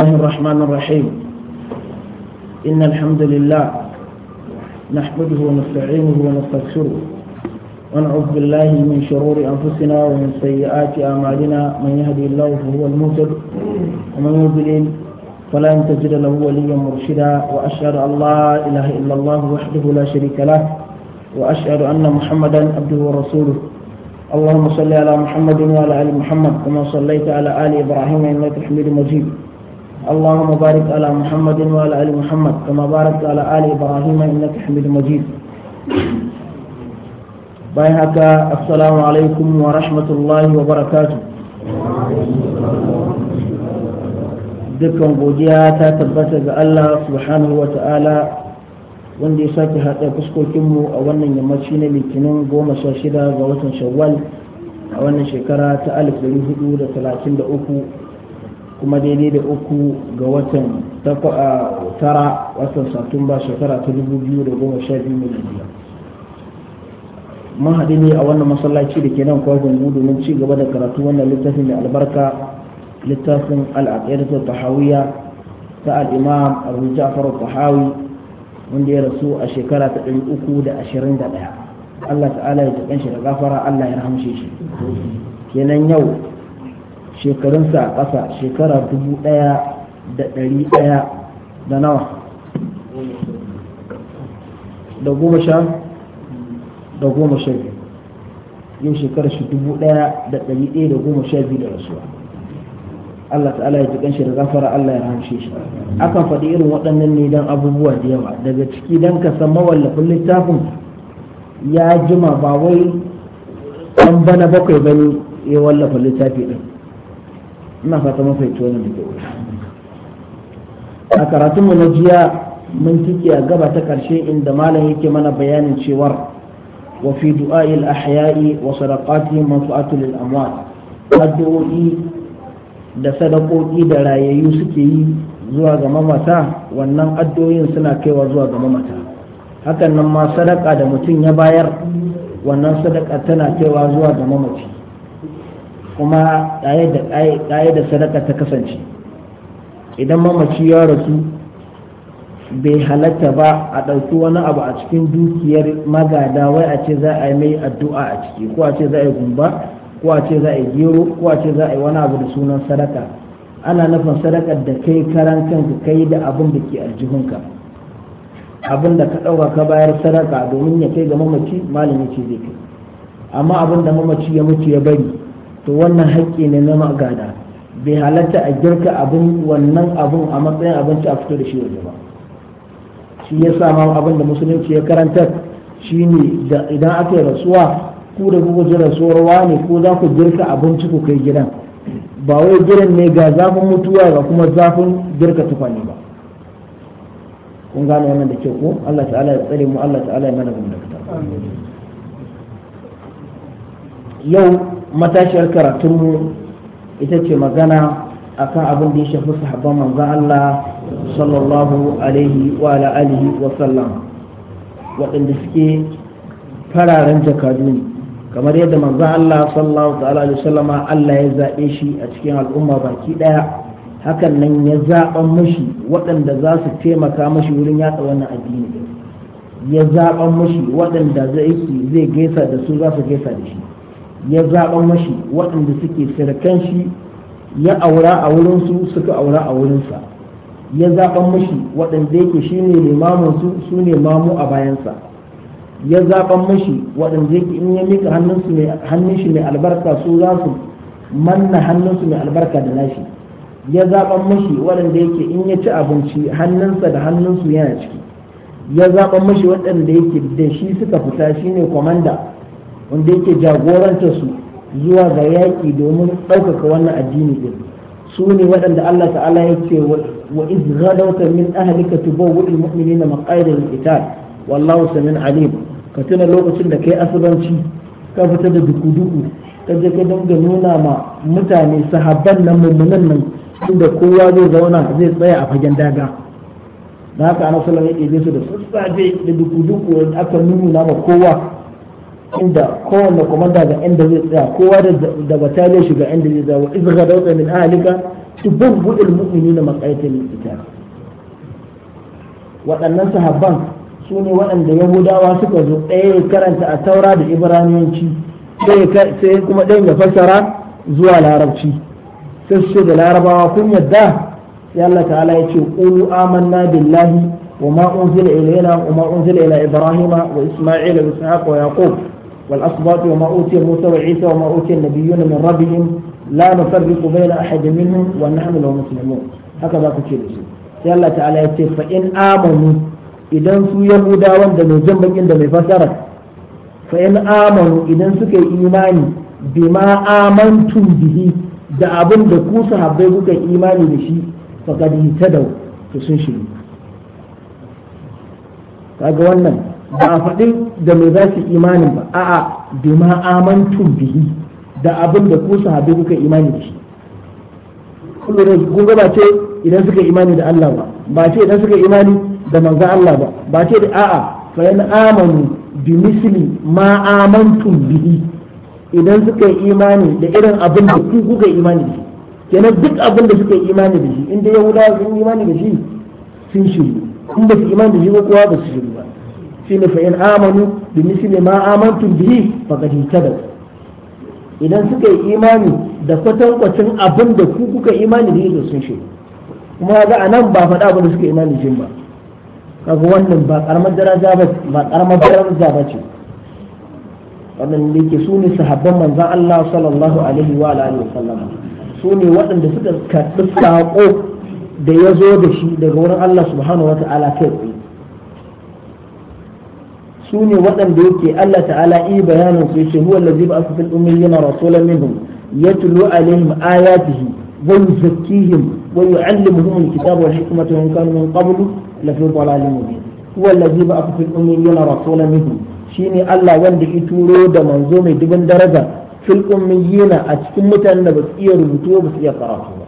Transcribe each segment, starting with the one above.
الله الرحمن الرحيم إن الحمد لله نحمده ونستعينه ونستغفره ونعوذ بالله من شرور أنفسنا ومن سيئات أعمالنا من يهدي الله فهو المهتد ومن يضلل فلا تجد له وليا مرشدا وأشهد أن لا إله إلا الله وحده لا شريك له وأشهد أن محمدا عبده ورسوله اللهم صل على محمد وعلى آل محمد كما صليت على آل إبراهيم إنك حميد مجيد اللهم بارك على محمد وعلى آل محمد كما باركت على آل إبراهيم إنك حميد مجيد بايهك السلام عليكم ورحمة الله وبركاته dukkan godiya ta tabbata ga Allah subhanahu wa ta'ala wanda ya sake haɗa fuskokinmu a wannan yammaci na litinin goma sha shida ga watan shawwal a wannan shekara ta alif da hudu da talatin da uku kuma daidai da uku ga watan tara watan satumba shekara ta dubu biyu da goma sha biyu mai miliyan mun haɗu ne a wannan masallaci da ke nan kwakwun mu domin ci gaba da karatu wannan littafin da albarka littafin ta tahawiyya ta al'imam abu ja'far tahawi wanda ya rasu a shekara ta ɗari uku da ashirin da ɗaya allah ta'ala ya taɓa shi da gafara allah ya rahamshe shi kenan yau shekarunsa a ƙasa shekara dubu ɗaya da ɗari ɗaya da nawa da goma sha da goma sha biyu yau shekarar shi dubu ɗaya da ɗari ɗaya da goma sha biyu da rasuwa Allah ta'ala ya ji ƙanshi da gafara Allah ya hamshe shi akan faɗi irin waɗannan ne don abubuwa da yawa daga ciki don ka san mawallafin littafin ya jima ba wai ɗan bana bakwai bane ya wallafa littafi ɗin ina fata mun wannan da a karatunmu na jiya mun cike a gaba ta karshe inda malam yake mana bayanin cewar wa fi du'a'il ahya'i wa sadaqati manfa'atu lil amwat addu'o'i da sadaƙoƙi da rayayyu suke yi zuwa ga mamata wannan addu'o'in suna kaiwa zuwa ga mamata hakan nan ma sadaka da mutum ya bayar wannan sadaka tana kaiwa zuwa ga mamaci kuma ƙaye da sadaka ta kasance idan mamaci ya rasu bai halatta ba a ɗauki wani abu a cikin dukiyar magada wai a ce za a yi mai addu'a a ciki ko a ce za a yi gumba ko a ce za a yi gero ko a ce za a yi wani abu da sunan sadaka ana nufin sadakar da kai karan kanka kai da abin da ke aljihunka abin da ka ɗauka ka bayar sadaka domin ya kai ga mamaci malami ce zai kai amma abin da mamaci ya mutu ya bari to wannan haƙƙi ne na magada bai halatta a girka abin wannan abin a matsayin abinci a fito da shi waje ba shi ya sama abin da musulunci ya karanta shi ne idan aka yi rasuwa ku da kuka ji rasuwar ne ko za ku girka abinci ku kai gidan ba wai gidan ne ga zafin mutuwa ga kuma zafin girka tukwane ba kun gane wannan da ke ko Allah ta'ala ya tsare mu Allah ta'ala ya mana gumda yau matashiyar karatunmu ita ce magana a kan abin da ya shafi sahabban manzo Allah sallallahu alaihi wa alihi wa sallam waɗanda suke fararen jakadu ne kamar yadda manzo Allah sallallahu alaihi wa sallama Allah ya zaɓe shi a cikin al'umma baki ɗaya hakan nan ya zaɓa mashi waɗanda za su taimaka mashi wurin yaɗa wannan addini ya zaɓa mashi waɗanda zai gaisa da su za su gaisa da shi ya zaɓa mashi waɗanda suke sirkan shi ya aura a wurinsu suka aura a wurinsa ya zaɓa mashi waɗanda yake shi ne limaminsu su ne mamu a bayansa ya zaɓa mashi waɗanda yake in ya mika hannun shi mai albarka su za su manna hannunsu mai albarka da nashi ya zaɓa mashi waɗanda yake in ya ci abinci hannunsa da hannunsu yana ciki ya zaɓa mashi waɗanda yake da shi suka fita shi ne kwamanda wanda yake jagorantar su zuwa ga yaƙi domin ɗaukaka wannan addini din su ne waɗanda Allah ta'ala ya ce wa iz gadawta min ahlika tubawwi'u almu'minina na lil-qital wallahu samin alim ka tuna lokacin da kai asubanci ka fita da duku-duku ka je ka dinga nuna ma mutane sahabban nan mummunan nan inda kowa zai zauna zai tsaya a fagen daga da haka ana sallan ya ɗebe su da sassafe da duku-duku aka nuna ma kowa inda kowanne komanda ga inda zai tsaya kowa da bataliyar shi ga inda zai tsaya wa ga dauka min ahalika tubabbu almu'minina maqaitan ita waɗannan sahabban su ne waɗanda yahudawa suka zo ɗaya ya karanta a taura da ibraniyanci sai kuma ɗayan ya fassara zuwa larabci sai su da larabawa kun yadda sai Allah ta'ala ya ce qulu amanna billahi وما أنزل إلينا وما أنزل إلى إبراهيم وإسماعيل ibrahima wa isma'il wa yakub. والأصباط وما أوتي موسى وعيسى وما أوتي النبيون من ربهم لا نفرق بين أحد منهم ونحن له مسلمون هكذا كتير sai Allah ta'ala ya ce fa in amanu idan su yahudawan da mai jan bakin da mai fasara fa in amanu idan suka yi imani bima bihi da abin da ku sahabbai kuka imani da shi fa ta da to sun shiru kaga wannan ba a faɗin da mai za su imanin ba a'a bi ma'amantun bihi da abin da ku sahabi kuka imani da shi kun ga ba ce idan suka imani da Allah ba ba ce idan suka imani da manzon Allah ba ba ce da a'a fa yan amanu bi misli ma amantum bihi idan suka imani da irin abin da ku kuka imani da shi kenan duk abin da suka imani da shi inda yahudawa sun imani da shi sun shiru in ba su imani da shi ko kowa ba su shiru ba shine fa in amanu bi misli ma amantum bihi faqad ihtadaw idan suka yi imani da kwatankwacin abin da ku kuka imani da yake sun shi kuma ga anan ba faɗa abin da suka imani jin ba kaga wannan ba karamar daraja ba ba karamar daraja ba ce wannan ne ke su ne sahabban manzon Allah sallallahu alaihi wa alihi wasallam su ne waɗanda suka karɓi saƙo da ya zo da shi daga wurin Allah subhanahu wa ta'ala kai su ne waɗanda yake Allah ta'ala yi bayanin su yace huwa allazi ba'atha fil ummiyina rasulan minhum yatlu alaihim ayatihi wa yuzakkihim wa yu'allimuhum alkitaba wal hikmata wa in kanu min qablu la fi dhalalin mubin huwa allazi ba'atha fil ummiyina rasulan minhum shine Allah wanda ya turo da manzo mai dubin daraja fil ummiyina a cikin mutanen da ba su iya rubutu ba su iya karatu ba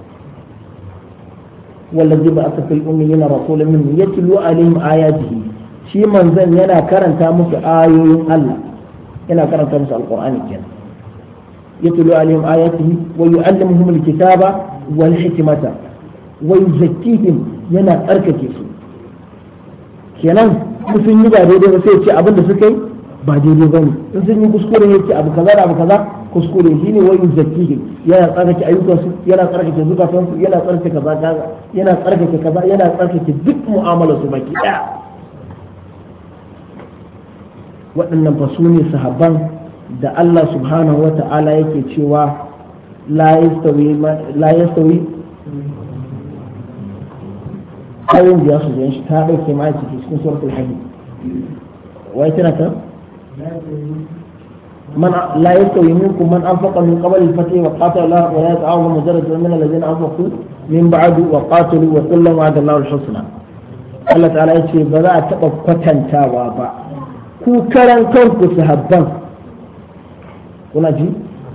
والذي بعث في الأميين رسولا منهم يتلو عليهم آياته shi manzon yana karanta musu ayoyin Allah yana karanta musu alqur'ani kenan yatlu alaihim ayatihi wa yuallimuhum alkitaba wal hikmata wa yuzakkihim yana tsarkake su kenan in sun yi ba daidai ba sai ya ce abin da suka yi ba daidai ba ne in sun yi kuskure ya ce abu kaza da abu kaza kuskure shi ne wani zakihim yana tsarkake ayyukansu yana tsarkake zukatansu yana tsarkake kaza kaza yana tsarkake kaza yana tsarkake duk mu'amalarsu baki daya waɗannan ba su ne sahabban da Allah subhanahu wa ta'ala yake cewa la yastawi sauyi. su zai shi ta ɗauke ma ciki cikin wai tana ta Allah ta'ala ba za a taɓa kwatantawa ba ku karan kanku sahabban kuna ji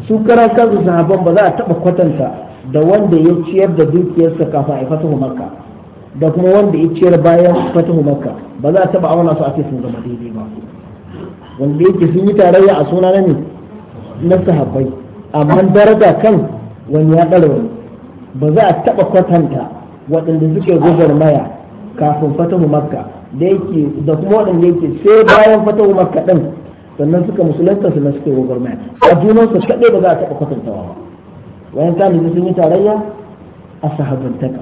su karan kanku sahabban ba za a taba kwatanta da wanda ya ciyar da dukiyarsa kafin a fatahu makka da kuma wanda ya ciyar bayan fatahu makka ba za a taba auna su a ce sun zama daidai ba wanda yake sun yi tarayya a suna na ne na sahabbai amma daraja kan wani ya ɗara wani ba za a taba kwatanta waɗanda suke maya kafin fatahu makka da yake da kuma waɗanda yake sai bayan fatawa makka din sannan suka musulunta sannan suka yi gwagwarmaya a junansu kaɗai ba za a taɓa kwatantawa ba wayan kan da sun yi tarayya a sahabantaka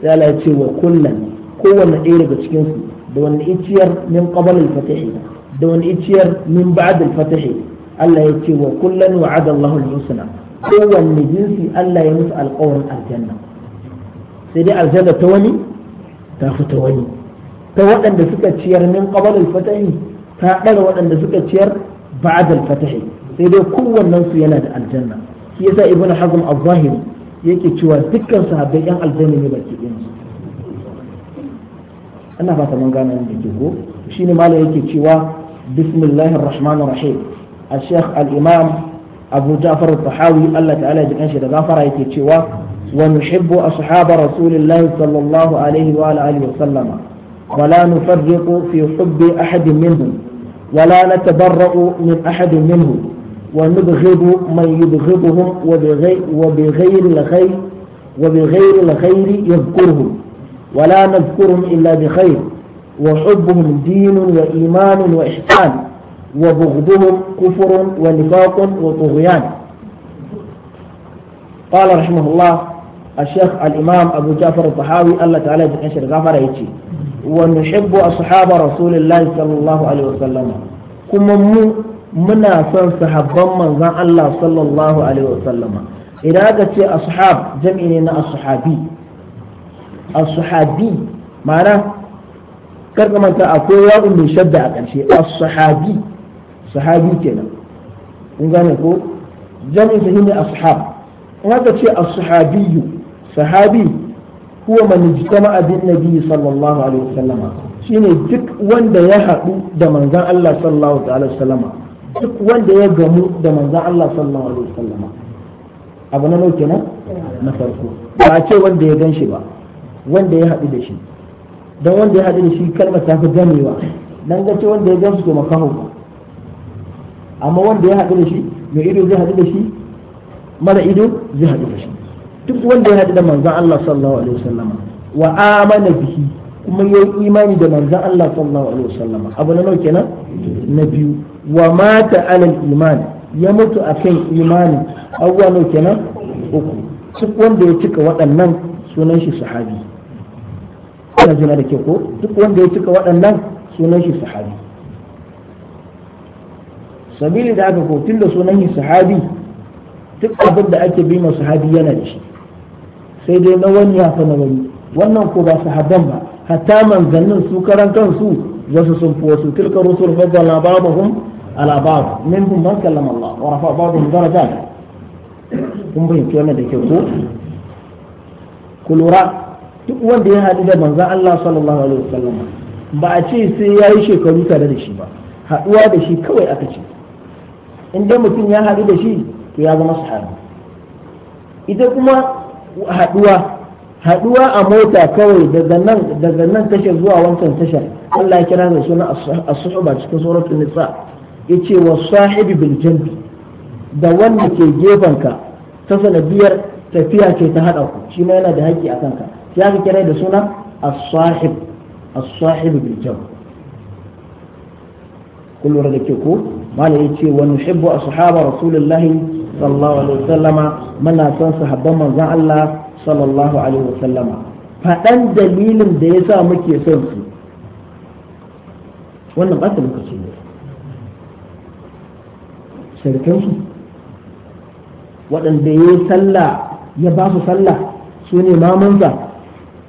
sai Allah ya ce wa kullum kowanne ɗaya daga cikin su da wani iciyar min qabl al-fatih da wani iciyar min ba'd al-fatih Allah ya ce wa kullum wa'ada Allah al-husna kowanne jinsi Allah ya musu alƙawarin aljanna sai dai aljanna ta wani ta ta wani ta waɗanda suka ciyar min qabl al-fatahi ta ɗara waɗanda suka ciyar ba'da al-fatahi sai dai kowannen su yana da aljanna shi yasa ibnu hazm az-zahiri yake cewa dukkan sahabbai yan aljanna ne baki ɗin su ana fata mun gane da ke ko shine malam yake cewa bismillahir rahmanir rahim الشيخ الإمام abu ja'far al-tahawi Allah ta'ala ya jikan shi da gafara yake cewa wa nuhibbu ashab rasulillah sallallahu alaihi wa alihi wa sallama ولا نفرق في حب أحد منهم ولا نتبرأ من أحد منهم ونبغض من يبغضهم وبغير, وبغير الخير وبغير الخير يذكرهم ولا نذكرهم إلا بخير وحبهم دين وإيمان وإحسان وبغضهم كفر ونفاق وطغيان قال رحمه الله الشيخ الإمام أبو جعفر الطحاوي الله تعالى يتقنش الغفر يتي ونحب أصحاب رسول الله صلى الله عليه وسلم كما مو منا صن صحابا من ذا الله صلى الله عليه وسلم إرادة أصحاب جمعنا الصحابي الصحابي معناه karka manta akwai yawon mai shadda a ƙarshe as-sahabi sahabi kenan kun gane ko jami'in sahihi ashab in aka ce as-sahabiyyu sahabi huwa man ijtama'a bin nabi sallallahu alaihi wasallam shine duk wanda ya haɗu da manzan Allah sallallahu alaihi wasallam duk wanda ya gamu da manzan Allah sallallahu alaihi wasallam abu na lauke na na farko ba a ce wanda ya gan shi ba wanda ya haɗu da shi don wanda ya haɗu da shi kalmar ta fi gamewa dan ga ce wanda ya gan shi to makaho ba amma wanda ya haɗu da shi mai ido zai haɗu da shi mara ido zai haɗu da shi duk wanda ya haɗu da manzon Allah sallallahu alaihi wasallam wa amana bihi kuma ya yi imani da manzon Allah sallallahu alaihi wasallam abu na nauke kenan na biyu wa mata alal iman ya mutu akan imani awwa nauke kenan uku duk wanda ya cika waɗannan sunan shi sahabi kana jina da ke ko duk wanda ya cika waɗannan sunan shi sahabi sabili da aka ko tun da sunan shi sahabi duk abin da ake bi ma sahabi yana da shi sai dai na wani ya fi na wani wannan ko ba su sahabban ba hatta manzannin su karan kansu wasu sun fi wasu tilka rusul faddala ba'dhum ala ba'd minhum man kallama Allah wa rafa babu zara darajat kun bayyana wannan da ke ko ku lura duk wanda ya haɗu da manzan Allah sallallahu alaihi wasallam ba a ce sai ya yi shekaru tare da shi ba haɗuwa da shi kawai aka ce in dai mutum ya haɗu da shi to ya zama sahabi idan kuma haɗuwa haduwa a mota kawai daga nan daga nan tashar zuwa wancan tashar Allah ya kira da suna as-suhba cikin suratul nisa yace wa sahibi bil janbi da wanda ke gefanka ta sanadiyar tafiya ce ta hada ku shi ma yana da haƙƙi akan ka sai aka kira da suna as-sahib as-sahib bil janbi kullu da ke ko malai yace wa nuhibbu ashaba rasulullahi sallallahu alaihi wasallama muna son sahabban manzon Allah sallallahu alaihi wasallama faɗan dalilin da ya sa muke son su wannan ba ta lokaci ne sarkansu waɗanda ya yi sallah ya ba su sallah su ne mamansa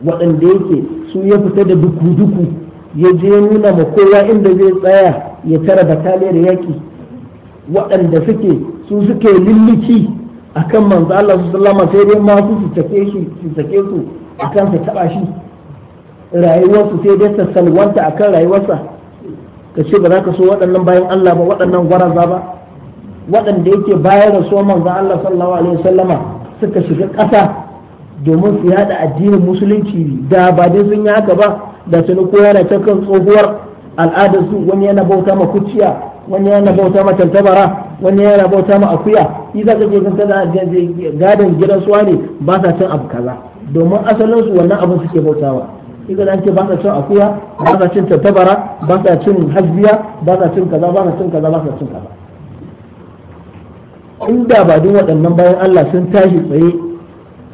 waɗanda yake su ya fita da duku-duku ya je nuna ma kowa inda zai tsaya ya tara bataliyar yaƙi waɗanda suke su suke lilliki akan manzo Allah sallama sai dai masu su take shi su take su kan su taba shi rayuwarsu sai dai ta salwanta a kan rayuwarsa ka ce ba za ka so waɗannan bayan Allah ba waɗannan gwaraza ba waɗanda yake bayan rasuwar manzo Allah sallallahu alaihi wasallama suka shiga ƙasa domin su yada addinin musulunci da ba dai sun yi haka ba da tuni kowa na ta kan tsohuwar al'adarsu wani yana bauta ma wani yana bauta ma tantabara wani yana bauta ma akuya shi za ka je kan kaza gadon gidan suwa ne ba sa cin abu kaza domin asalin su wannan abin suke bautawa idan zan ce ba sa cin akuya ba sa cin tantabara ba sa cin hajjiya ba sa cin kaza ba sa cin kaza ba sa cin kaza inda ba duk waɗannan bayan Allah sun tashi tsaye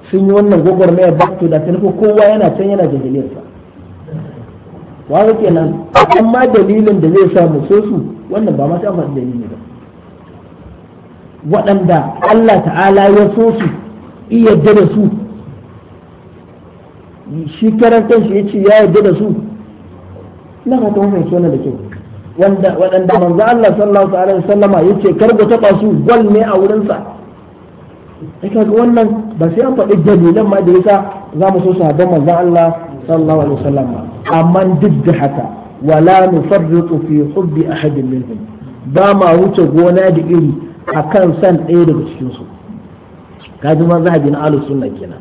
sun yi wannan gwagwarmaya ba to da tanifa kowa yana can yana jahiliyarsa wa kenan amma dalilin da zai sa so su wannan ba ma sai an faɗi dalili ba waɗanda Allah ta'ala ya so su iya da su shi karan shi ya ce ya yarda da su na fata mun fahimci wannan da kyau wanda waɗanda manzo Allah sallallahu ya wasallama yace kar ku taɓa su gwal ne a wurinsa sa sai wannan ba sai an faɗi dalilan ma da ya sa za mu so sahabban manzo Allah sallallahu alaihi wasallama amma duk da haka wala nufarritu fi hubbi ahadin minhum ba ma wuce gona da iri akan san ɗaya daga cikinsu. su kaji ma na ahlus sunna kenan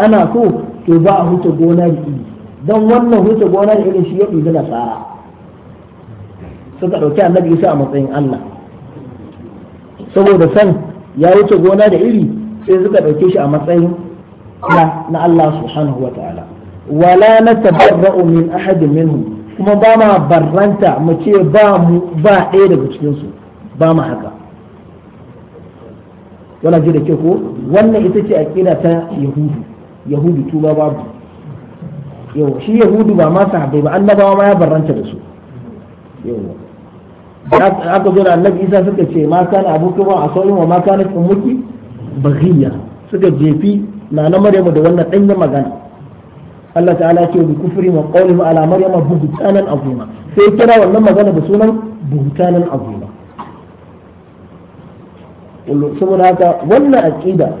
ana so to ba a wuce gona da iri dan wannan wuce gona da iri shi ya annabi isa a matsayin Allah saboda san ya wuce gona da iri sai suka ɗauke shi a matsayin na Allah subhanahu wa ta'ala wala natabarra'u min ahadin minhum kuma ba ma barranta mu ce ba mu ba ɗaya daga cikinsu ba mu haka wala ji da ke ko wannan ita ce aƙida ta yahudu yahudu tuba babu yau shi yahudu ba ma sahabbai ba annabawa ma ya barranta da su yau aka zo da annabi isa suka ce ma kana abuka ba a sauyin wa ma kana ummuki baghiya suka jefi na na maryamu da wannan danyen magana Allah ta'ala ce bi kufri wa alamar ala maryama buhtanan azima sai kira wannan magana da sunan buhtanan azima saboda haka wannan aqida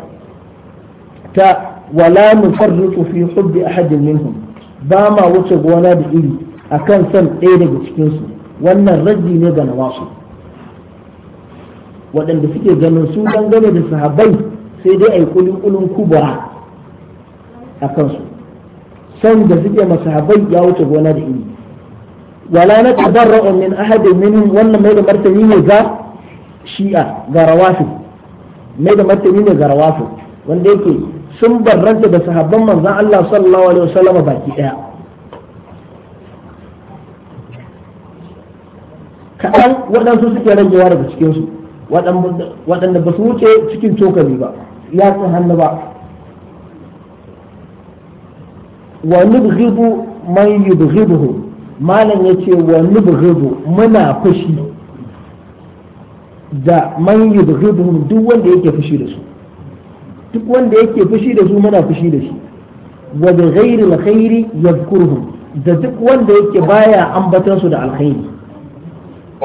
ta wala nufarriqu fi hubbi ahadin minhum ba ma wuce gona da iri akan san ɗaya daga cikin su wannan raddi ne ga nawasu waɗanda suke ganin su dangane da sahabbai sai dai ai kulun kulun kubra akan su san da suke masahabai ya wuce gona da iri wala na tabarra'u min ahadin minhum wannan mai da martani ne ga shi'a ga rawafi mai da martani ne ga rawafi wanda yake sun barranta da sahabban manzon Allah sallallahu alaihi wasallam baki daya kaɗan waɗansu suke ragewa daga cikinsu waɗanda ba su wuce cikin cokali ba ya hannu ba wa nubghidu man yubghiduhu malam yace wa nubghidu muna fushi da man yubghiduhum duk wanda yake fushi da su duk wanda yake fushi da su muna fushi da shi wa bi ghairi alkhairi yadhkuruhum da duk wanda yake baya ambatan su da alkhairi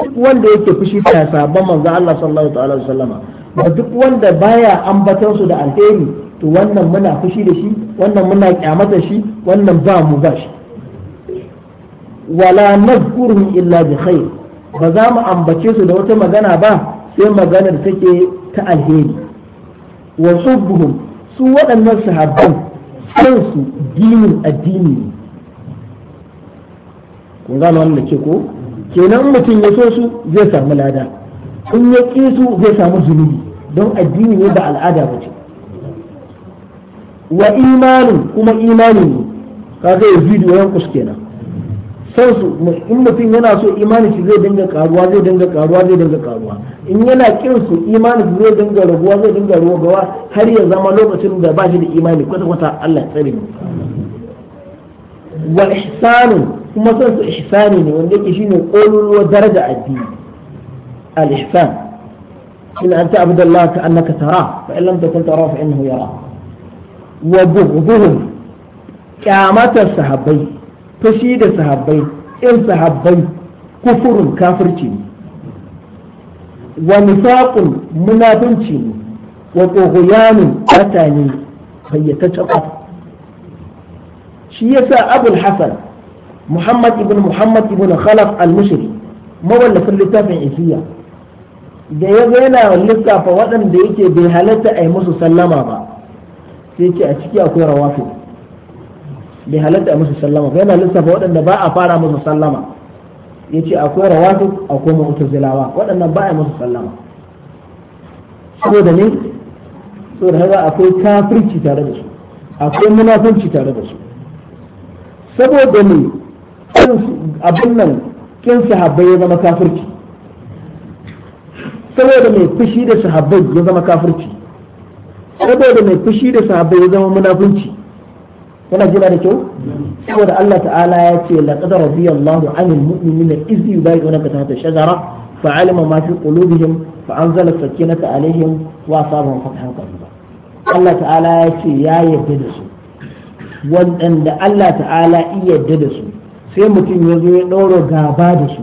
duk wanda yake fushi da sabon manzo Allah sallallahu ta'ala alaihi wasallama da duk wanda baya ambatan su da alkhairi to wannan muna fushi da shi wannan muna kyamata shi wannan ba mu ba shi wala nazkuruhum illa bi khair ba za mu ambace su da wata magana ba sai maganar da take ta alheri wa subhum su waɗannan sahabban sun su dinin addini kun gano wannan ke ko kenan mutum ya so su zai samu lada in ya ƙi su zai samu zunubi don addini ne ba al'ada ba ce wa imanin kuma imanin ne kaga yazidu wa yanqus kenan san su in mutum yana so imanin shi zai dinga karuwa zai dinga karuwa zai dinga karuwa in yana kin su imanin zai dinga raguwa zai dinga raguwa har ya zama lokacin da ba shi da imani kwata kwata Allah tsare mu wal ihsanu kuma san su ihsani ne wanda yake shine kololuwa daraja addini al ihsan in anta abdallah ka annaka tara fa in lam takun tara fa innahu yara wa bughduhum kyamatar sahabbai fushi da sahabbai in sahabbai kufurin kafirci ne wa nifaqun munafunci ne wa tughyanun batani fayyataccen shi yasa abul hasan muhammad ibn muhammad ibn khalaf al-mushri mawallafin littafin isiya da ya yana lissafa waɗanda yake bai halatta a yi musu sallama ba sai ce a ciki akwai rawafi bai halatta a musu sallama ba yana lissafa waɗanda ba a fara musu sallama ya ce akwai rawafi akwai zilawa waɗannan ba a musu sallama saboda ne saboda haka akwai kafirci tare da su akwai munafunci tare da su saboda ne abin nan kin sahabbai ya zama kafirci saboda mai fushi da sahabbai ya zama kafirci saboda mai fushi da sahabbai ya zama munafunci kana jira da kyau saboda Allah ta'ala ya ce laqad radiyallahu 'anil mu'minina iz yubayyi'unaka tahta shajara fa'alima ma fi qulubihim fa'anzala sakinata 'alaihim wa asabahum fathan qariba Allah ta'ala ya ce ya yarda da su waɗanda Allah ta'ala iya yarda da su sai mutum ya zo ya ɗaura gaba da su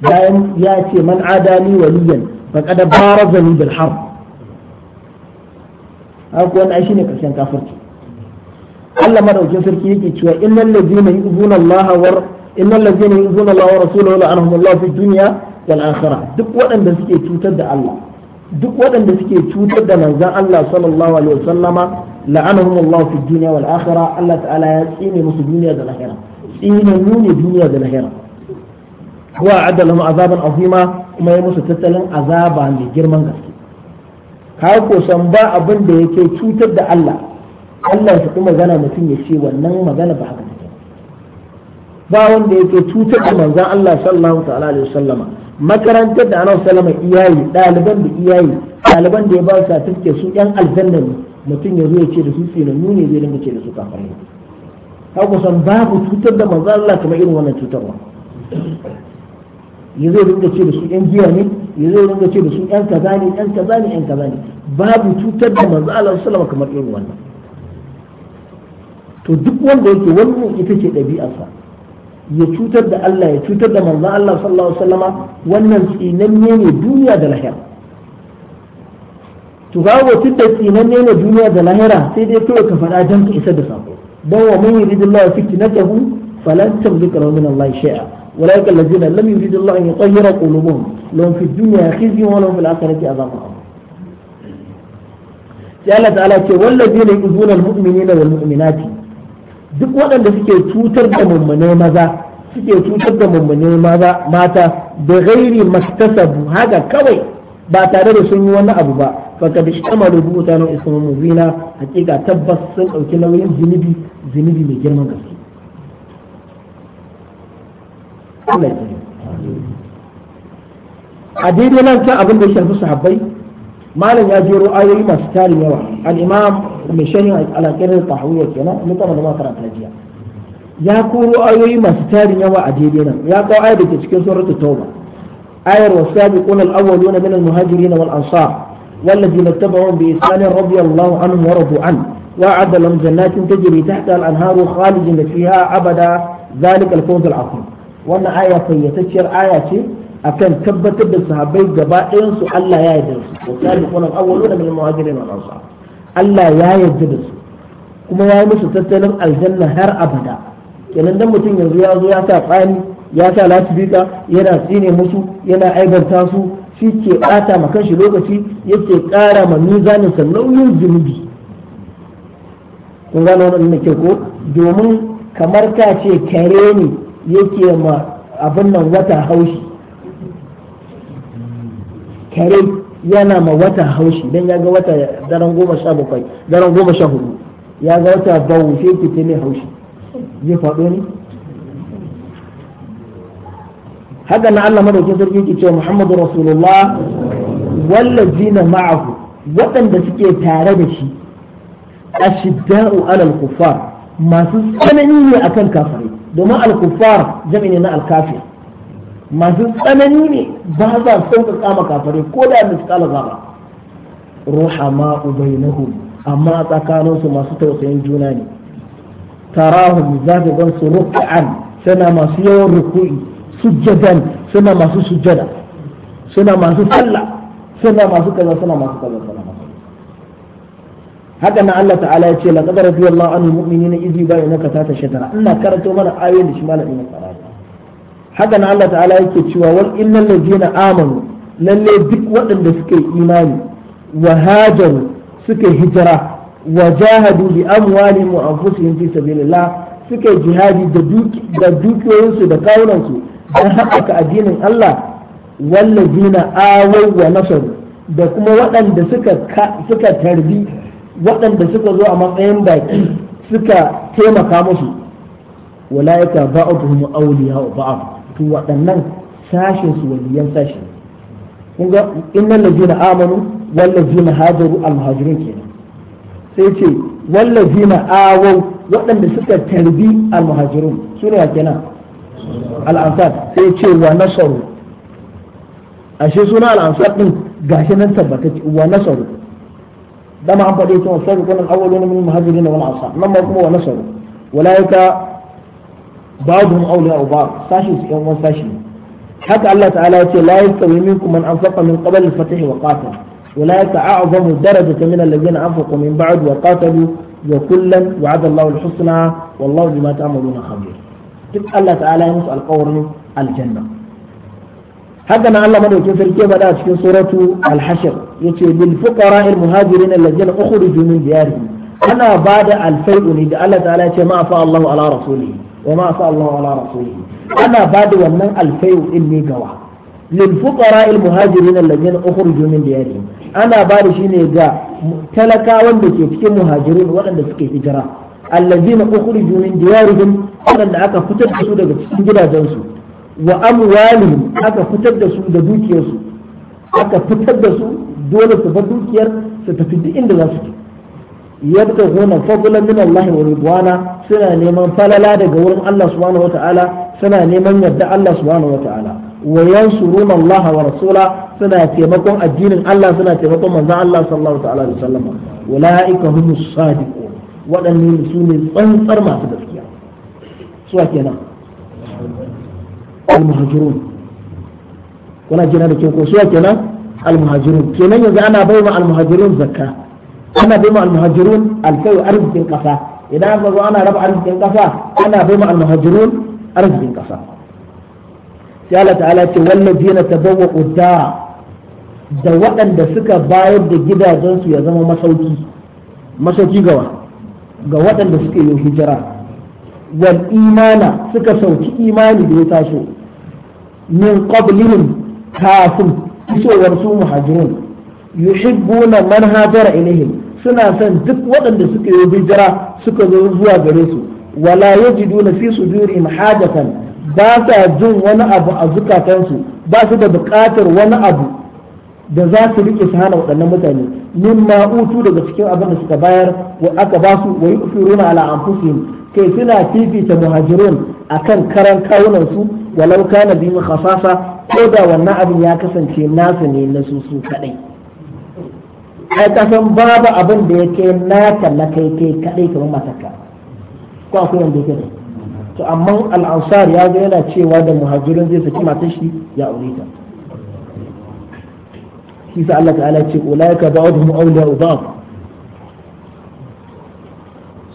bayan ya ce man adani waliyan faqad barazani bil harb haka wannan shine karshen kafirci Allah madaukin sarki yake cewa innal ladzina yu'minuna Allah war innal ladzina yu'minuna Allah wa rasulahu la'anahum Allah fi dunya wal akhirah duk waɗanda suke cutar da Allah duk waɗanda suke cutar da manzon Allah sallallahu alaihi wasallama la'anahum Allah fi dunya wal akhirah Allah ta'ala ya tsine musu duniya da lahira tsine nune duniya da lahira wa adalahum azaban azima kuma ya musu tattalin azaba mai girman gaske ka ko san ba abin da yake cutar da Allah Allah shi kuma magana mutum ya ce wannan magana ba haka take ba wanda yake cutar da manzon Allah sallallahu ta'ala alaihi wasallama makarantar da Annabi sallama iyayi daliban da iyayi daliban da ya ba su tafke su yan aljanna ne mutum ya zo ya ce da su tsinannu ne zai dinga ce da su kafare ka ko san babu cutar da manzon Allah kamar irin wannan cutarwa ya zai rinka ce da su yan giya ne ya zai rinka ce da su yan kaza ne yan kaza ne yan kaza ne babu cutar da manzo Allah sallama kamar irin wannan to duk wanda yake wannan ita ce ɗabi'arsa ya cutar da Allah ya cutar da manzo Allah sallallahu alaihi wasallama wannan tsinanne ne duniya da lahira to ga wacin da tsinanne ne duniya da lahira sai dai kawai ka faɗa don ka isar da sako don wa man yuridillahu fitnatahu falan tamliku lahu min Allah shay'a أولئك الذين لم يريد الله أن يطهر قلوبهم لهم في الدنيا خزي ولهم في الآخرة عذاب sai Allah ta'ala ce wallazi ne yuzuna almu'minina wal mu'minati duk waɗanda suke cutar da mummune maza suke cutar da mummune maza mata da ghairi mastasabu haka kawai ba tare da sun yi wani abu ba faqad ishtamalu bi mutanen ismun mubina hakika tabbas sun dauki nauyin zunubi zunubi mai girman gaske halarci a daidai kan abin da ya shafi sahabbai malam ya jero ayoyi masu tari yawa al'imam mai shahin alaƙirar tahawiyya kenan mutum da makarar tajiya ya kuro ayoyi masu tari yawa a daidai nan ya kawo ayar da ke cikin surat tauba ayar wasu ya biƙo na al'awwali wani minin muhajiri na wal ansar wanda ji na taba wani bai sani rabbi allahu an wara bu'an wa adalam jannatin tajiri ta hada al'anharu khalijin da fiha abada zalika al-fawzul wannan aya fayyatacciyar aya ce akan tabbatar da sahabbai gaba ɗayan su Allah ya yarda su wa sabiquna awwaluna min al-muhajirin wal ansar Allah ya yarda da su kuma ya yi musu tattalin aljanna har abada kenan dan mutum yanzu ya zo ya sa tsani ya sa latibika yana tsine musu yana aibanta su shi ke bata ma shi lokaci yake kara ma mizanin sa nauyin zunubi kun gano wannan ke ko domin kamar ka ce kare ne yake ma abin nan wata haushi kare yana ma wata haushi don ya ga wata daren goma sha bakwai daren goma sha hudu ya ga wata bawu sai ke ta mai haushi ya faɗo ne haka na Allah madaukin sarki yake cewa Muhammadu Rasulullah wallazina ma'ahu waɗanda suke tare da shi ashidda'u alal kufar masu tsanani ne akan kafirai domin al jam'i ne na al-kafir masu tsanani ne ba za su sauƙaƙa kama kafare ko da misƙala zaba ruhama ubainahum amma tsakaninsu masu tausayin juna ne tarahum za ta gan su ruk'an suna masu yawan ruku'i sujjadan suna masu sujjada suna masu sallah suna masu kaza suna masu kaza suna haka na Allah ta'ala ya ce la qad radiyallahu anil mu'minina idh ta tahta shajara ina karanto mana ayoyin da shi malamin ya fara haka na Allah ta'ala yake cewa wal innal ladina amanu lalle duk waɗanda suka imani wa hajaru hijira wa jahadu bi amwalihim wa anfusihim fi sabilillah suke jihadi da da dukiyoyinsu da kawunansu dan haɓaka addinin Allah wallazina awaw wa nasaru da kuma waɗanda suka suka tarbi waɗanda suka zo a matsayin baki suka taimaka musu walaika ba'dhum awliya wa ba'a to waɗannan sashen su waliyan sashi kun ga innal ladina amanu wal ladina hajaru al kenan sai ce wal ladina awau waɗanda suka tarbi al muhajirun sune wa kenan Al'ansar. ansar sai ce wa nasaru ashe suna al'ansar ansar din gashi nan tabbatacce wa nasaru دم عم بديتون سابقا الاولون من المهاجرين والانصار لما هو نصر ولايك بعضهم اولياء بعض ساشيس يوم ساشي حتى الله تعالى يقول لا يستوي منكم من انفق من قبل الفتح وقاتل ولايك اعظم درجه من الذين انفقوا من بعد وقاتلوا وكلا وعد الله الحسنى والله بما تعملون خبير. تبقى الله تعالى يمس القول الجنه. haka nan Allah madaukin sarki bada a cikin suratu al-hashr yace lil fuqara'il muhajirin allazina ukhriju min diyarihim ana bada alfai'u ne da Allah ta'ala ya ce ma fa Allahu ala rasulihi wa ma fa Allahu ala rasulihi ana bada wannan alfai'u din ne gawa lil fuqara'il muhajirin allazina ukhriju min diyarihim ana bada shi ne ga talakawan da ke cikin muhajirin waɗanda suke hijira allazina waɗanda aka fitar daga cikin gidajensu wa amwalihim aka fitar da su da dukiyarsu aka fitar da su dole su bar dukiyar su tafi duk inda za su je yabtaghuna fadlan min Allah wa ridwana suna neman falala daga wurin Allah subhanahu wataala suna neman yarda Allah subhanahu wataala wa yansuruna Allah wa rasula suna taimakon addinin Allah suna taimakon manzon Allah sallallahu ta'ala alaihi wasallam ulaika humus sadiqun waɗannan su ne tsantsar masu gaskiya suwa kenan al kuna jina da kyau ko suwa kenan al kenan yanzu ana bai ma al zakka ana bai ma al alkai arzikin kasa idan aka zo ana raba arzikin kasa ana bai ma al-muhajirun arzikin kasa sai Allah ta'ala ce wallazina tabawwa'u da da waɗanda suka bayar da su ya zama masauki masauki gawa ga waɗanda suke yin hijira wal imana suka sauki imani da ya taso min qablihim kafin isowar su muhajirun yuhibbuna man hajara ilaihim suna son duk waɗanda suka yi hijira suka zo zuwa gare su wala yajiduna fi sudurihim hajatan ba sa jin wani abu a zukatansu ba su da buƙatar wani abu da za su rike su hana waɗannan mutane mimma utu daga cikin abin da suka bayar wa aka ba su wa yusiruna ala anfusihim kai suna fifita muhajirun akan karan kawunan su walau kana bi khasasa ko da wannan abin ya kasance nasu ne na su su kadai ai ka san babu abin da yake naka na kai kai kadai kamar mataka ko akwai wanda yake to amma al-ansar ya ga yana cewa da muhajirun zai saki matar shi ya aureta ta shi sa Allah ta'ala ce ulaika ba'dhum awliya'u ba'd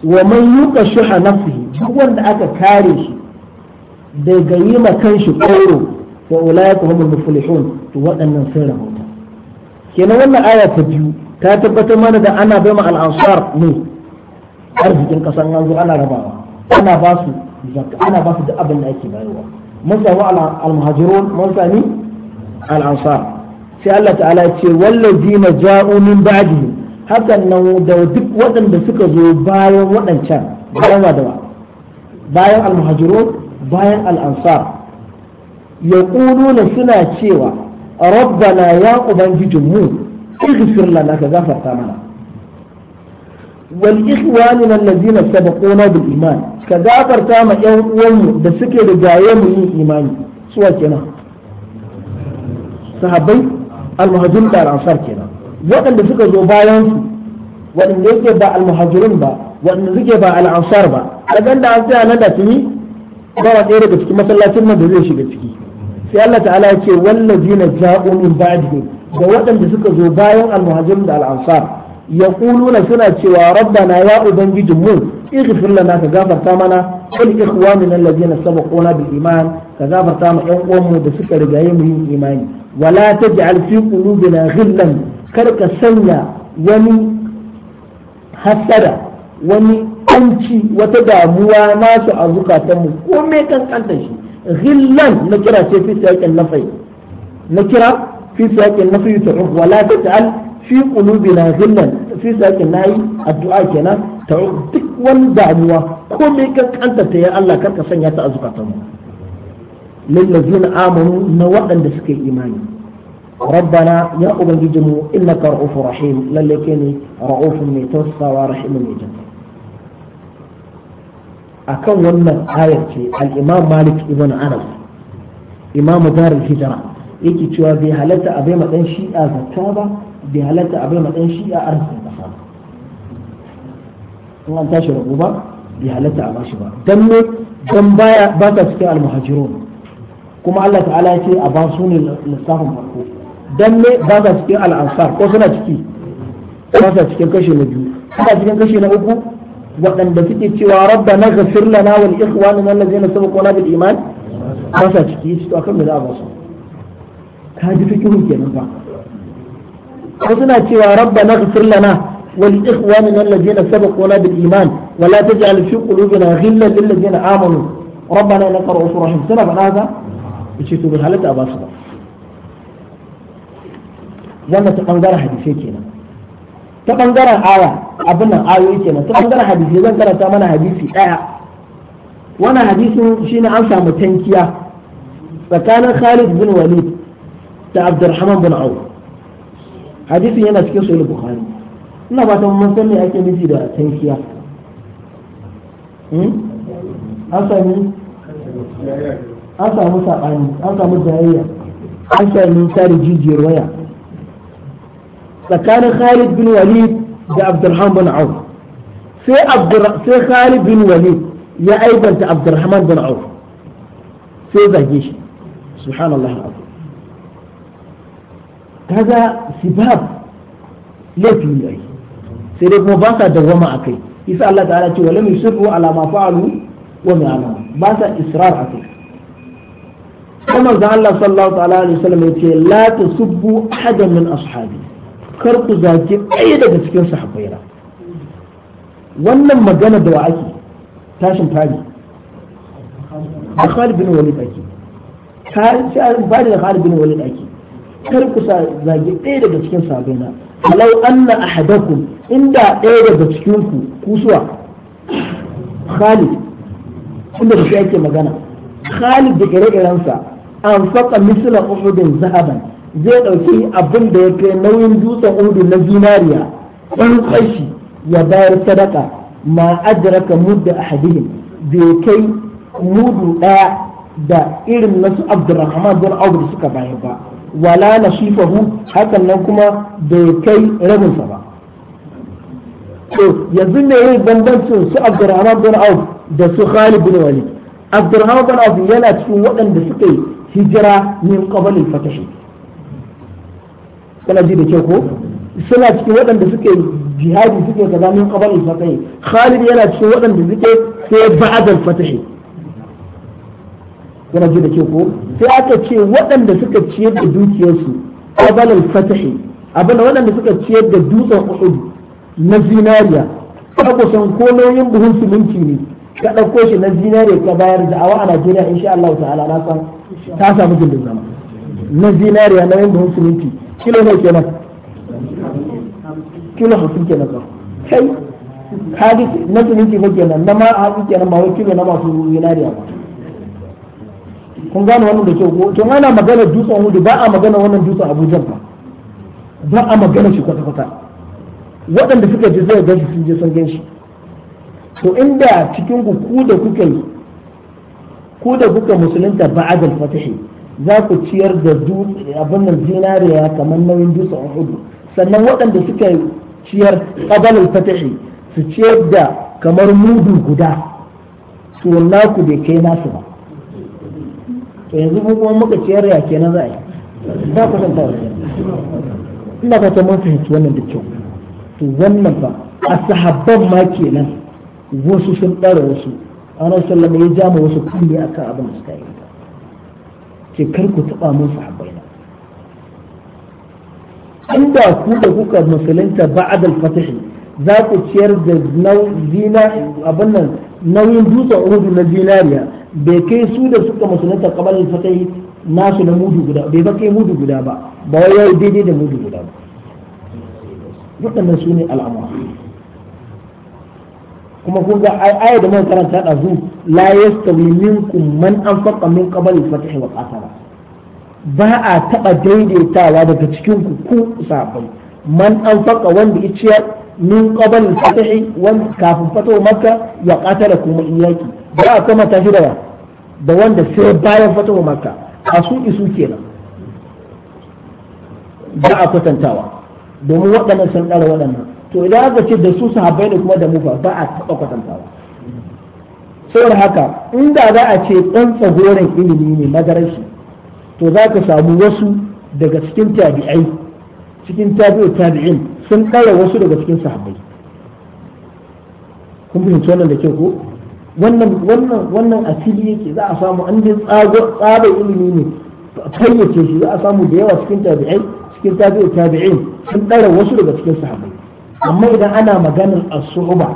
wa man yuqa shuha nafsihi duk wanda aka kare shi daga yi ma kanshi kauro wa ulaika humul muflihun to waɗannan sun rahota kenan wannan aya ta biyu ta tabbatar mana da ana bai ma al-ansar ne arzikin kasan yanzu ana rabawa ana ba su zakka ana ba su duk abin da ake bayarwa mun samu al-muhajirun mun sami al-ansar sai Allah ta'ala ce wallazina ja'u min ba'di hakan nan da duk waɗanda suka zo bayan waɗancan bayan wadawa bayan almuhajirun bayan al-ansar. yaquluna suna cewa rabbana ya ubangijinmu ighfir lana ka gafarta mana والإخواننا iman ka gafarta ma 'yan يوم da suke da gaye mu yin imani suwa kenan sahabbai almuhajirun da ansar kenan waɗanda suka zo bayan su waɗanda yake ba almuhajirun ba waɗanda suke ba al'ansar ba a ga da an tsaya nan da tuni ba wa ɗaya daga cikin masallacin nan da zai shiga ciki sai Allah ta'ala ya ce na ja'u min ba'dihim da waɗanda suka zo bayan almuhajirun da al'ansar yaquluna suna cewa rabbana ya ubangijinmu ighfir lana ka gafarta mana kul ikhwanina alladhina sabaquna bil iman ka gafarta mu yan uwan mu da suka rigaye mu yin imani wala taj'al fi qulubina ghillan kar ka sanya wani hasada wani kanci wata damuwa nasu a zukatanmu ko me kankanta shi ghillan na kira ce fi siyaqin nafai na kira fi siyaqin nafai ta'uf wala taj'al fi qulubina ghillan fi siyaqin nayi addu'a kenan ta duk duk wani damuwa ko me kankanta ta ya Allah karka sanya ta a zukatan lillazina amanu na waɗanda suka yi imani rabbana ya ubangijinmu innaka ra'ufur rahim lalle ke ne ra'ufun mai tausawa rahimun mai jinta akan wannan ayar al-imam malik ibn anas imam darul hijra yake cewa bai halatta a bai madan shi'a zakka ba bai halatta a bai madan shi'a arziki in an tashi rabo ba bai halatta a bashi ba dan ne dan baya ba ta cikin almuhajirun kuma Allah ta'ala ya ce a ba su ne lissafin farko dan ne ba ta cikin al'ansar ko suna ciki ba ta cikin kashe na biyu suna cikin kashe na uku waɗanda suke cewa rabba na gafir lana wal ikhwanu man lazina sabaquna bil iman ba ta ciki to akan me za a ba su ka ji fikihun kenan fa ko suna cewa rabba na gafir lana ولإخواننا الذين سبقونا بالإيمان ولا تجعل في قلوبنا غلا للذين آمنوا ربنا إنك رؤوف رحيم سنة هذا بشيتو بها لدى أبا صدر زنة تقنقر حديثي كينا تقنقر آية أبنى آية كينا تقنقر حديثي ترى تامنا حديثي آية وانا حديثي شينا أنسى متنكيا فكان خالد بن وليد تعبد الرحمن بن عوف حديثي هنا سكيسو البخاري ina ba ta mun san me ake miji da tankiya hmm? an sami an samu jayayya an tare jijiyar waya tsakanin Khalid bin Walid da Abdurrahman bin Auf sai sai Khalid bin Walid ya aibanta Abdurrahman bin Auf sai zage shi subhanallah kaga sibab laifi ne sai dai kuma ba sa dawwama a kai isa Allah ta'ala ce walam yusirru ala ma fa'alu wa ma ya'lamu ba sa israr a kai kuma da Allah sallallahu ta'ala alaihi wasallam ya ce la tasubbu ahadan min ashabi kar ku zaki ɗaya daga cikin sahabbaina wannan magana da wa ake tashin fari a Khalid bin Walid ake ka sai ba da Khalid bin Walid ake kar ku zagi ɗaya daga cikin sahabbaina falau anna ahadakum inda ɗaya daga cikin ku kusuwa Khalid inda da shi ake magana Khalid da gare-garensa an faɗa misla Uhudin zahaban zai ɗauki abin da ya kai nauyin dutsen udu na zinariya ɗan tsashi ya bayar sadaka ma ajraka mudda ahadihim bai kai mudu ɗaya da irin nasu Abdurrahman bin Auf suka bayar ba wala nasifahu hakan nan kuma bai kai rabinsa ba to yanzu ne yayi bambancin su Abdurrahman bin Auf da su Khalid bin Walid Abdurrahman bin Auf yana cikin waɗanda suka yi hijira min qabl al-fatahi kana ji da kyau ko suna cikin waɗanda suke jihadi suke kaza min qabl al-fatahi Khalid yana cikin waɗanda suke sai ba'da al-fatahi kuna ji da ke ko sai aka ce waɗanda suka ciyar da dukiyarsu qabalal fatahi abinda waɗanda suka ciyar da dutsen uhud na zinariya ka kusan komoyin buhun siminti ne ka ɗauko shi na zinariya ka bayar da awa a Najeriya insha Allah ta'ala na san ta samu gindin zama na zinariya na yin buhun siminti kilo ne kenan kilo hamsin kenan ka kai hadis na siminti ba kenan na ma hadis kenan ba wai kilo na masu zinariya ba kun gane wannan da ke ko to ana magana dutsen hudu ba a magana wannan dutsen abuja ba ba a magana shi kwata kwata waɗanda suka ji zai gaji sun je sun gan shi to inda cikin ku ku da kuka yi ku da kuka musulunta ba adal fatahi za ku ciyar da abin nan zinariya kamar nauyin dutsen hudu sannan waɗanda suka ciyar kabal fatahi su ciyar da kamar mudu guda to naku bai kai nasu ba yanzu mu kuma muka ciyar ya nan za a yi ba ku san tawaye ina fata mun fahimci wannan da kyau to wannan ba a sahabban ma kenan wasu sun ɗara wasu ana sallama ya jama wasu kulle akan abin da suka yi ce kar ku taɓa mun sahabbai na inda ku da kuka musulunta ba al-fatih za ku ciyar da zina abin nan nauyin dutsen uhudu na zinariya bai kai su da suka musulunta kamar fatai nasu na mudu guda bai ba kai mudu guda ba ba wai yau daidai da mudu guda ba waɗannan su ne al'amura kuma kun ga aya da mun karanta da zu la yastawi minkum man anfaqa min qabl al wa qatala ba a taba daidaitawa daga cikin ku ku sabai man anfaqa wanda ya ciyar min qabl al-fath wan kafin fatuwa makka ya qatala kuma iyaki ba a kuma tashi da da wanda sai bayan fatuwa makka a su isu kenan ba a kwatantawa domin waɗannan sun ɗara waɗannan to idan aka ce da su sahabbai da kuma da mu ba a taɓa kwatantawa saboda haka inda za a ce ɗan tsagoran ilimi ne madarar to za ka samu wasu daga cikin tabi'ai cikin tabi'u tabi'in sun ɗaya wasu daga cikin sahabbai kun fahimci wannan da ke ko wannan wannan wannan yake za a samu an dai tsago tsaba ilimi ne fayyace shi za a samu da yawa cikin tabi'ai cikin tabi'u tabi'in sun ɗaya wasu daga cikin sahabbai amma idan ana maganar as-suhba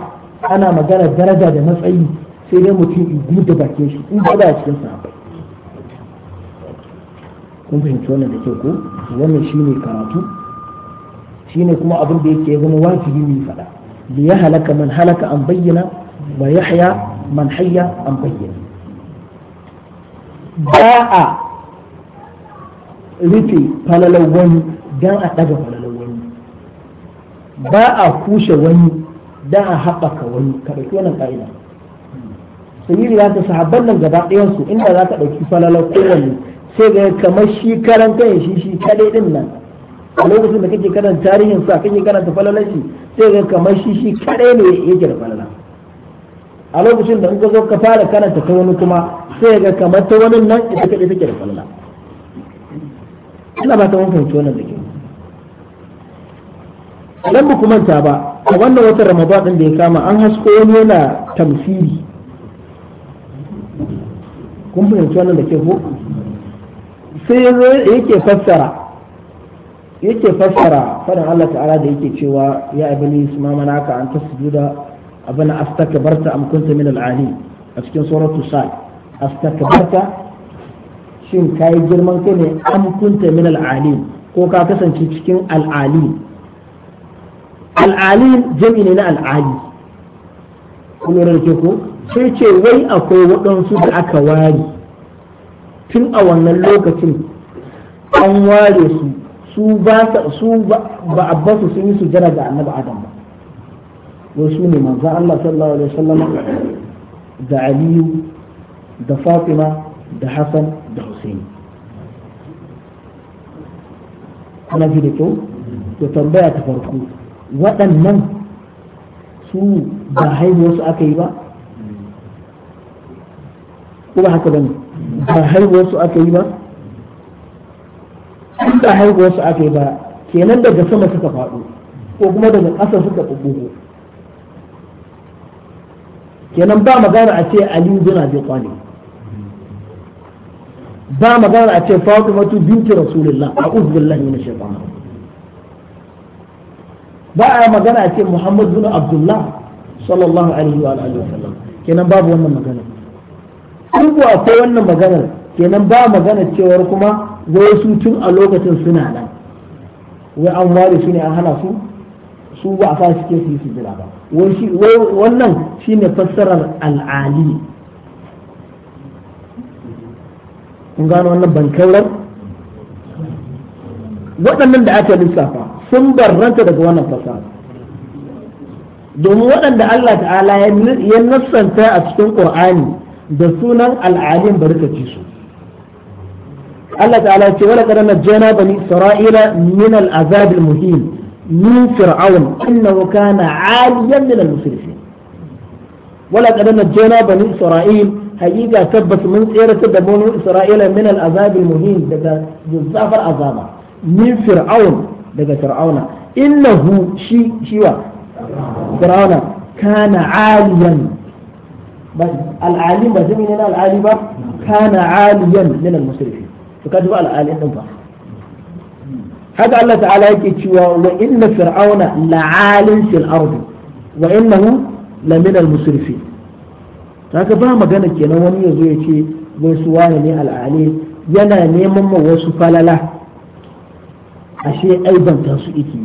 ana maganar daraja da matsayi sai dai mutum igu da bakin shi in ba cikin sahabbai kun fahimci wannan da ke ko wannan shine karatu shine kuma abin da yake zama wajibi mu faɗa li ya halaka man halaka an bayyana wa yahya man hayya an bayyana ba a rufe falalar wani dan a ɗaga falalar wani ba a kushe wani dan a haɓaka wani ka ɗauki wannan ƙa'ida sabili ya ta sahabban nan gaba ɗayansu inda za ka ɗauki falalar kowanne sai ga kamar shi karanta ya shi shi kaɗai ɗin nan a lokacin da kake karanta tarihin sa kake karanta falalar shi sai ga kamar shi shi kadai ne yake da falala a lokacin da in ka zo ka fara karanta ta wani kuma sai ga kamar ta wani nan ita kadai take da falala ina ba ta wani fahimci wannan da ke idan ba kuma ta ba a wannan watan ramadan din da ya kama an hasko wani yana tamsiri kun fahimci wannan da ke ko sai yake fassara yake fassara faɗin Allah ta'ala da yake cewa ya su ma manaka an tasjuda abana astakabarta am kunta min al'ali a cikin suratul sad Astakabarta, shin ka yi girman ka ne am kunta min al'ali ko ka kasance cikin al'ali al'ali jami ne na al'ali kuma ke ko sai ce wai akwai waɗansu da aka ware tun a wannan lokacin an ware su su ba su ba abbasu sun yi sujjada ga annabi adam ba wai su ne manzan Allah sallallahu alaihi wasallam da Aliyu da Fatima da Hassan da hussein ana ji da kyau to tambaya ta farko waɗannan su ba haihuwarsu aka yi ba ko ba haka bane ba haihuwarsu aka yi ba in ba su aka yi ba kenan daga sama suka faɗo ko kuma daga ƙasa suka ɓuɓɓugo kenan ba magana a ce aliyu bin abi talib ba magana a ce fatimatu binti rasulullah a billahi na shaitanir ba a magana a ce muhammad bin abdullah sallallahu alaihi wa alihi wasallam kenan babu wannan magana in ko akwai wannan magana kenan ba magana cewar kuma wasu tun a lokacin suna nan wai an ware su ne an hana su su ba a sa suke su yi jira ba wannan shine fassarar al'ali kun gano wannan bankarar waɗannan da aka lissafa sun barranta daga wannan fasara domin waɗanda Allah ta'ala ya nassanta a cikin ƙur'ani da sunan al'alin barkaci su Allah ta'ala ya ce wala qad najjana bani isra'ila min al-azab al-muhim min fir'aun innahu kana 'aliyan min al-musrifin wala qad najjana bani isra'il hakika tabbas mun tsere da bani isra'ila min al-azab al-muhim daga zafar azaba min fir'aun daga fir'auna innahu shi shiwa fir'auna kana 'aliyan بس العالم بس من العالم كان عاليا من المسرف to ka duba al'alin nan ba haka Allah ta'ala yake cewa wa inna fir'auna la'alin fil ardi wa innahu lamin al-musrifin haka ba magana kenan wani yazo ya ce mai su wani ne al'ali yana neman ma wasu falala ashe aibanta su iki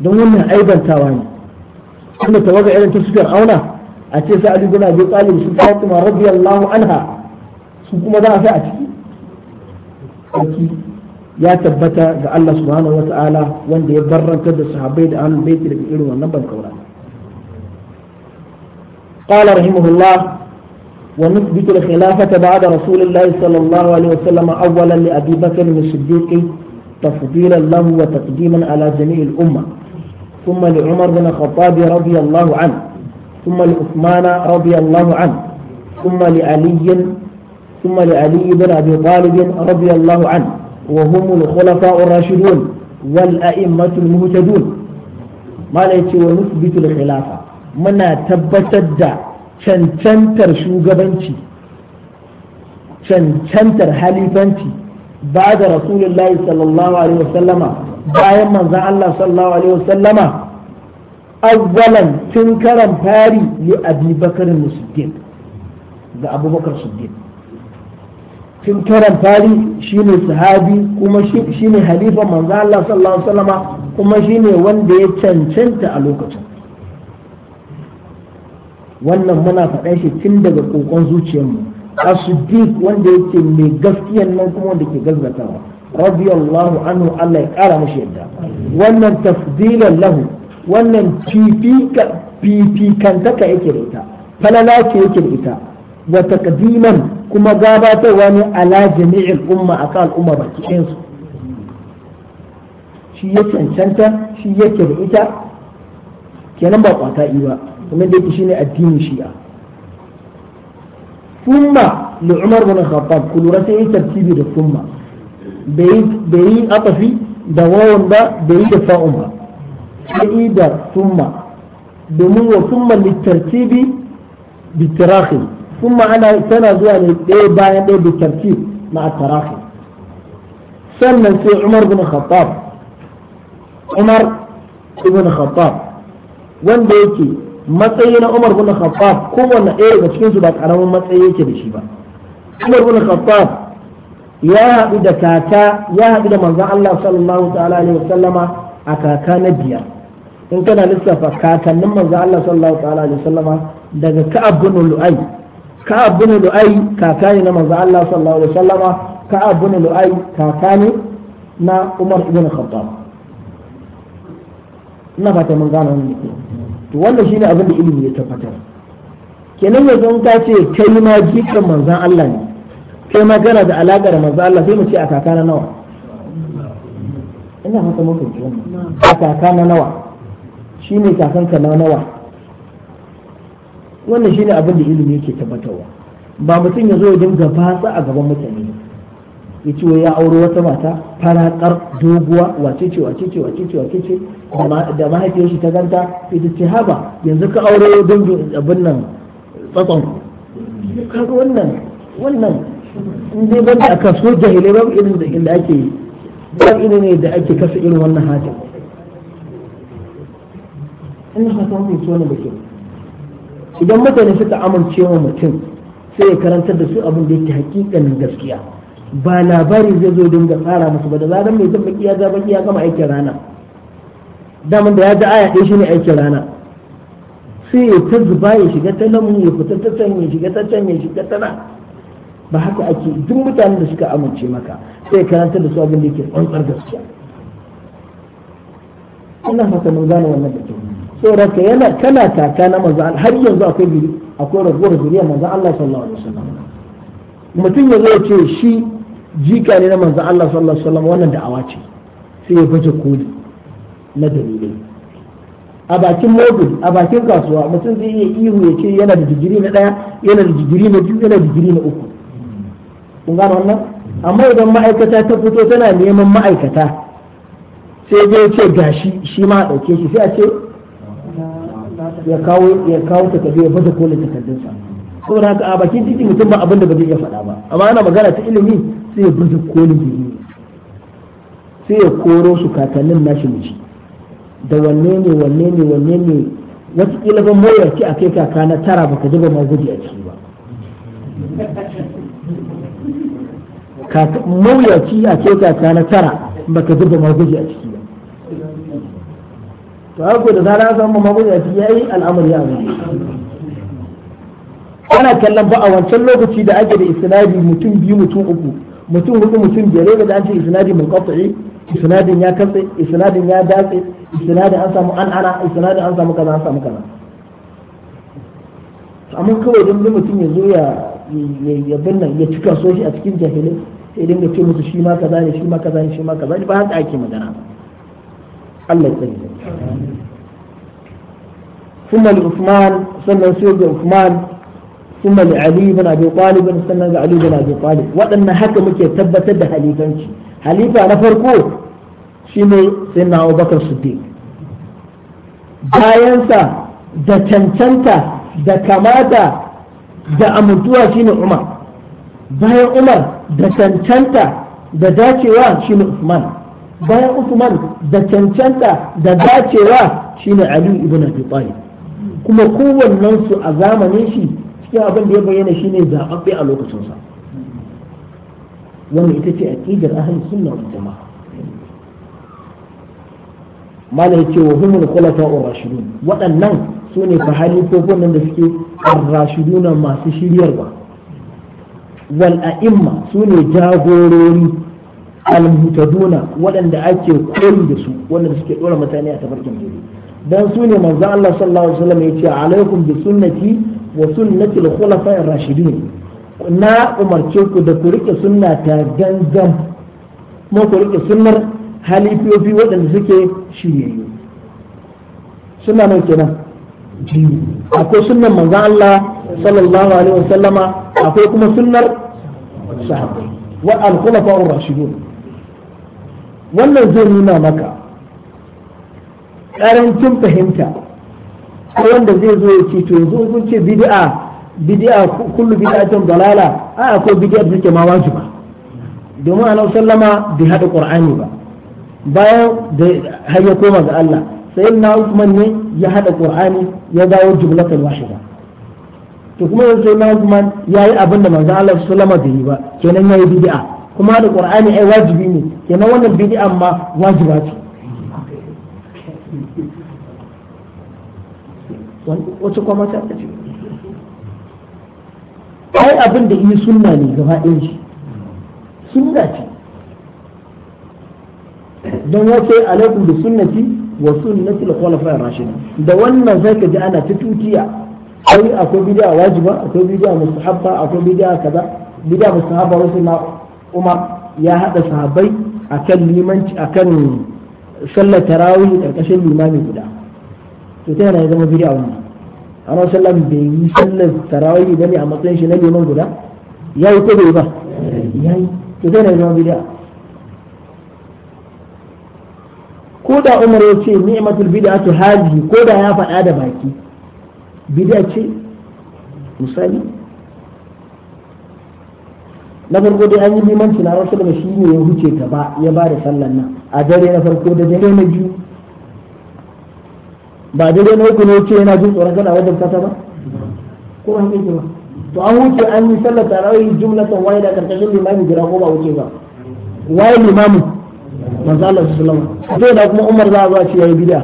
don wannan aibantawa ne kuma tawaga irin ta fir'auna a ce sa'adu bin abi talib su fatima radiyallahu anha su kuma za a sa a ciki sarki ya tabbata ga Allah subhanahu wa ta'ala wanda ya barrantar da sahabbai da ahlul baiti daga irin wannan bankaura qala rahimahullah ونثبت الخلافة بعد رسول الله صلى الله عليه وسلم أولا لأبي بكر الصديق تفضيلا له وتقديما على جميع الأمة ثم لعمر بن الخطاب رضي الله عنه ثم لعثمان رضي الله عنه ثم لعلي ثم لعلي بن أبي طالب رضي الله عنه وهم الخلفاء الراشدون والأئمة المهتدون ما ليتي ونثبت الخلافة منا تبتد cancantar shugabanci cancantar halifanci ba da rasulullahi sallallahu alaihi wasallama bayan manzan Allah sallallahu alaihi wasallama awwalan tun karan fari li abubakar musuddin ga abubakar suddin tun karan fari shine sahabi kuma shine halifa manzo Allah sallallahu alaihi wasallama kuma shine wanda ya cancanta a lokacin wannan muna faɗa shi tun daga kokon zuciyarmu a sudik wanda yake mai gaskiyan nan kuma wanda ke gazgatawa radiyallahu anhu Allah ya kara mashi yadda wannan tafdilan lahu wannan fifikantaka yake da ita falala ce yake da ita wa takdiman kuma gabatarwa ne ala jami'il umma akan al'umma baki ɗayan su da ita kenan ba kwata ba kuma da yake shine addinin shi'a thumma li umar bin khattab kulura sai tartibi da thumma bai bai atafi da wawan ba bai da ba da thumma domin wa bitirahi ثم أنا سنة زوال إيه باين إيه بالترتيب مع التراخي سنة في عمر بن الخطاب عمر بن الخطاب وين بيتي matsayi na Umar bin Khattab kowanne ɗaya daga cikin su ba karamin matsayi yake da ba Umar bin Khattab ya haɗu da kaka ya haɗu da manzon Allah sallallahu a kaka na biyar in kana lissafa kakannin manzon Allah daga Ka'ab bin Lu'ay ka'ab bin lu'ai kaka ne na manzo Allah sallallahu alaihi wasallama ka'ab bin lu'ai kaka ne na Umar ibn Khattab ina fata mun gane wannan to wannan shine abin da ilimi ya tabbatar kenan yanzu ka ce kai ma jikan manzon Allah ne kai ma gana da alaka da manzon Allah sai mu ce a kaka na nawa ina fata mun fahimci wannan a kaka na nawa shine ka na nawa wannan shine abin da ilimi yake tabbatarwa ba mutum ya zo ya dinga fasa a gaban mutane ya ce ya auro wata mata farakar doguwa wace ce wace ce wace ce wace ce da mahaifiyar shi ta ganta ita ce haba yanzu ka auro dangin abin nan tsatson kaga wannan wannan in dai banda a kaso jahilai babu irin da inda ake babu irin ne da ake kasa irin wannan hajji ina fata mun so ne bakin idan mutane suka amince wa mutum sai ya karantar da su abin da yake hakikanin gaskiya ba labari zai zo dinga tsara musu ba da zaran mai zan baki ya ga baki ya gama aikin rana daman da ya ji aya ɗaya shine aikin rana sai ya ta zuba ya shiga ta lamun ya fita ta can ya shiga ta can ya shiga ta nan ba haka ake duk mutanen da suka amince maka sai ya karanta da su abin da yake tsantsar gaskiya ina fata mun gane wannan da kyau saboda yana kana kaka na manzo har yanzu akwai biri akwai raguwar zuriya manzo Allah sallallahu alaihi wasallam mutum ya zo ce shi jika ne na manzo Allah sallallahu alaihi wasallam wannan da'awa ce sai ya baje koli na dalilai a bakin mobil a bakin kasuwa mutum zai iya ihu ya ce yana da digiri na daya yana da digiri na biyu yana da digiri na uku kun gano wannan amma idan ma'aikata ta fito tana neman ma'aikata sai zai ce gashi shi ma a ɗauke shi sai a ce ya kawo ya kawo ta tafi ya fasa kolin takardunsa saboda haka a bakin titi mutum ba abin da ba zai iya faɗa ba amma ana magana ta ilimi sai ya fasa kolin ilimi sai ya koro su kakannin nashi muci da wanne ne wanne ne wanne ne kila ban ki a kai kaka na tara baka ji ma guji a ciki ba mawuyaci a ce kaka na tara baka zuba maguji a ciki to haka da zara samu magudaci ya yi al'amari a ana kallon ba a wancan lokaci da ake da isnadi mutum biyu mutum uku mutum hudu mutum biyar da an ce isnadi mun kafa'i isnadin ya katse isnadin ya datse isnadin an samu an ana isnadin an samu kaza an samu kaza amma kawai don mutum ya zo ya ya binna ya cika so shi a cikin jahilin sai dinga ce musu shi ma kaza ne shi ma kaza ne shi ma kaza ne ba haka ake magana Allah ya tsare ثم لعثمان سنة سيد عثمان ثم لعلي بن أبي طالب سنة علي بن أبي طالب وأن حكم كي تبت ده حليفانشي حليفة أنا فرقو شيني سيدنا أبو بكر الصديق دا تنتنتا دا كماتا دا أمتوا amintuwa عمر Umar عمر دا تنتنتا دا داتي وان shine عثمان bayan Usman da cancanta da dacewa shine Ali ibn Abi Talib kuma kowannen su a zamanin shi cikin abin da ya bayyana shine zababbe a lokacin sa wannan ita ce aqidar ahli sunna wal jamaa mala yace wa humul a rashidun waɗannan su ne fa halifofin nan da suke ar-rashiduna masu shiryarwa wal a'imma su ne jagorori al waɗanda ake koyi da su waɗanda suke ɗora mutane a tafarkin daidai dan su ne manzo Allah sallallahu alaihi wasallam yace alaikum bi sunnati wa sunnati al-khulafa ar-rashidin na umarce ku da ku rike sunna ta gangan kuma ku rike sunnar halifofi waɗanda suke shiryayyu sunna mai kenan akwai sunnar manzo Allah sallallahu alaihi wasallama akwai kuma sunnar sahabbai wa al-khulafa ar wannan zai nuna maka ƙarancin fahimta ko wanda zai zo ya ce to yanzu sun ce bid'a bid'a kullu bid'atin dalala a akwai bid'a da take ma wajiba domin annabi sallama bai hada qur'ani ba bayan da har ya koma ga Allah sai na Usman ne ya hada qur'ani ya dawo jumlatul wahida to kuma yanzu na Usman yayi abin da manzo Allah sallama bai yi ba kenan ya yi bid'a kuma da qur'ani ai wajibi ne kenan wannan bid'a ma wajiba ce wacce kuma ta ce ai abin da yi sunna ne gaba ɗin shi sunna ce don wace alaikum da sunnati wa sunnati al-khulafa ar-rashidin da wannan ka ji ana ta tutiya ai akwai bid'a wajiba akwai bid'a mustahabba akwai bid'a kaza bid'a mustahabba wasu na Kuma ya haɗa sahabbai akan limanci akan sallar tarawih ƙarƙashin limami guda to ta yana zama bid'a wannan annabi sallar bai yi sallar tarawih ne a matsayin shi na liman guda Ya yi ko bai ba Ya yi? to ta yana zama bid'a ko da umar ya ce ni ni'matul bid'atu Haji ko da ya faɗa da baki bid'a ce misali na farko dai an yi limanci na rasu da shi ne ya huce gaba ya ba da sallan nan a dare na farko da dare na biyu ba dare na uku ne ce yana jin tsoron kada wajen kasa ba ko ba kai ba to an wuce an yi sallar tarawih jumlatan waye da karkashin limami jira ko ba wuce ba waye limami manzo Allah sallallahu alaihi wasallam da kuma Umar za a zuwa ce yi bid'a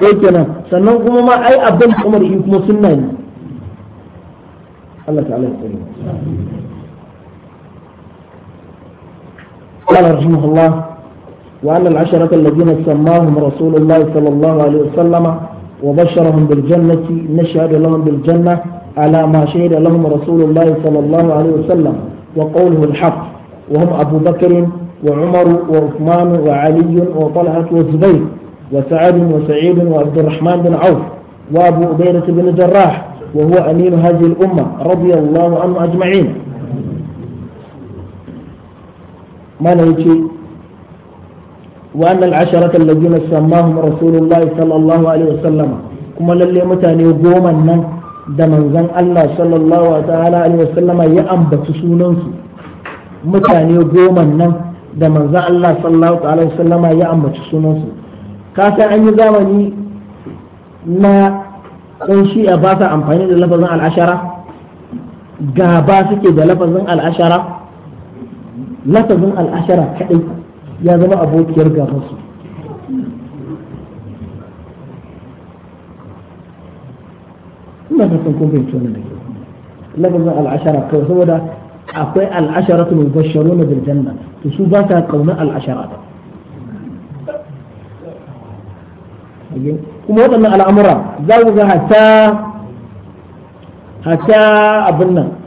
ko kenan sannan kuma ma ai abin Umar yi kuma sunna ne Allah ta'ala ya tsare قال رحمه الله وأن العشرة الذين سماهم رسول الله صلى الله عليه وسلم وبشرهم بالجنة نشهد لهم بالجنة على ما شهد لهم رسول الله صلى الله عليه وسلم وقوله الحق وهم أبو بكر وعمر وعثمان وعلي وطلحة والزبير وسعد وسعيد وعبد الرحمن بن عوف وأبو عبيدة بن جراح وهو أمين هذه الأمة رضي الله عنه أجمعين mana yace wa annal asharata alladhina sammahum sallallahu alaihi wasallam kuma lalle mutane goma nan da manzon Allah sallallahu ta'ala alaihi wasallam ya ambaci sunansu mutane goma nan da manzon Allah sallallahu ta'ala wasallam ya ambaci sunansu ka san an yi zamani na ɗan shi'a ba amfani da lafazin al'ashara gaba suke da lafazin al'ashara lafazin al'ashara kaɗai ya zama abokiyar gabansu ina ta san kumfin tona da ke lafazin al'ashara kawai saboda akwai al'ashara ta mubasharo na birjanna to su ba ta kaunar al'ashara ta kuma waɗannan al'amura za ku ga hata hata abin nan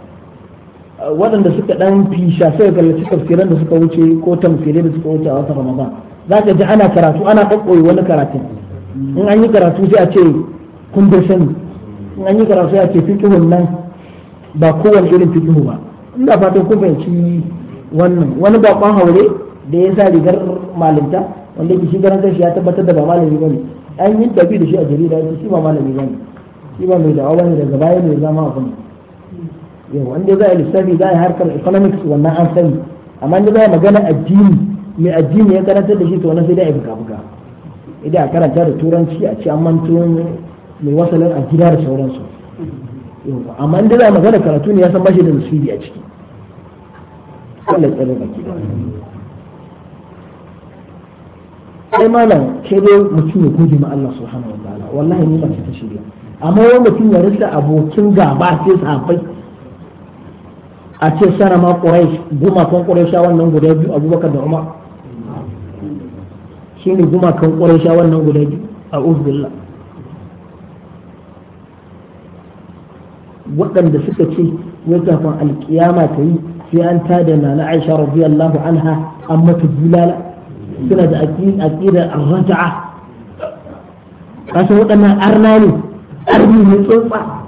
waɗanda suka ɗan fisha sai kallaci tafsiran da suka wuce ko tamsirai da suka wuce a wata ramadan za ka ji ana karatu ana ɗaɗɗoyi wani karatun in an yi karatu sai a ce kun bai sani in an yi karatu sai a ce fikihun nan ba kowane irin fikihu ba ina fatan kun fahimci wannan wani baƙon haure da ya sa rigar malinta wanda ke shi garan kanshi ya tabbatar da ba malami ba ne an yi tafi da shi a jarida shi ba malami ba ne shi ba mai da'awa ne daga baya ne zama a kuma yau wanda za a lissafi za a harkar economics wannan an sani amma inda za a magana addini mai addini ya karanta da shi to wannan sai dai a buga buga idan a karanta da turanci a ci an manto mai wasalin a gida da sauransu amma inda za a magana karatu ne ya san bashi da nasibi a ciki Allah tsare baki sai malam ke dai mutum ya gode ma Allah subhanahu wa ta'ala wallahi ni ba ta shirya amma wani mutum ya rasa abokin gaba sai sabai a ce sarama quraish gumakan quraisha wannan guda biyu abubakar da umar ne gumakan quraisha wannan guda biyu a uzbillah waɗanda suka ce wai kafin alkiyama ta yi sai an tada da na aisha radiyallahu anha an mata bulala suna da aƙida arraja'a kasan waɗannan arna ne arni ne tsotsa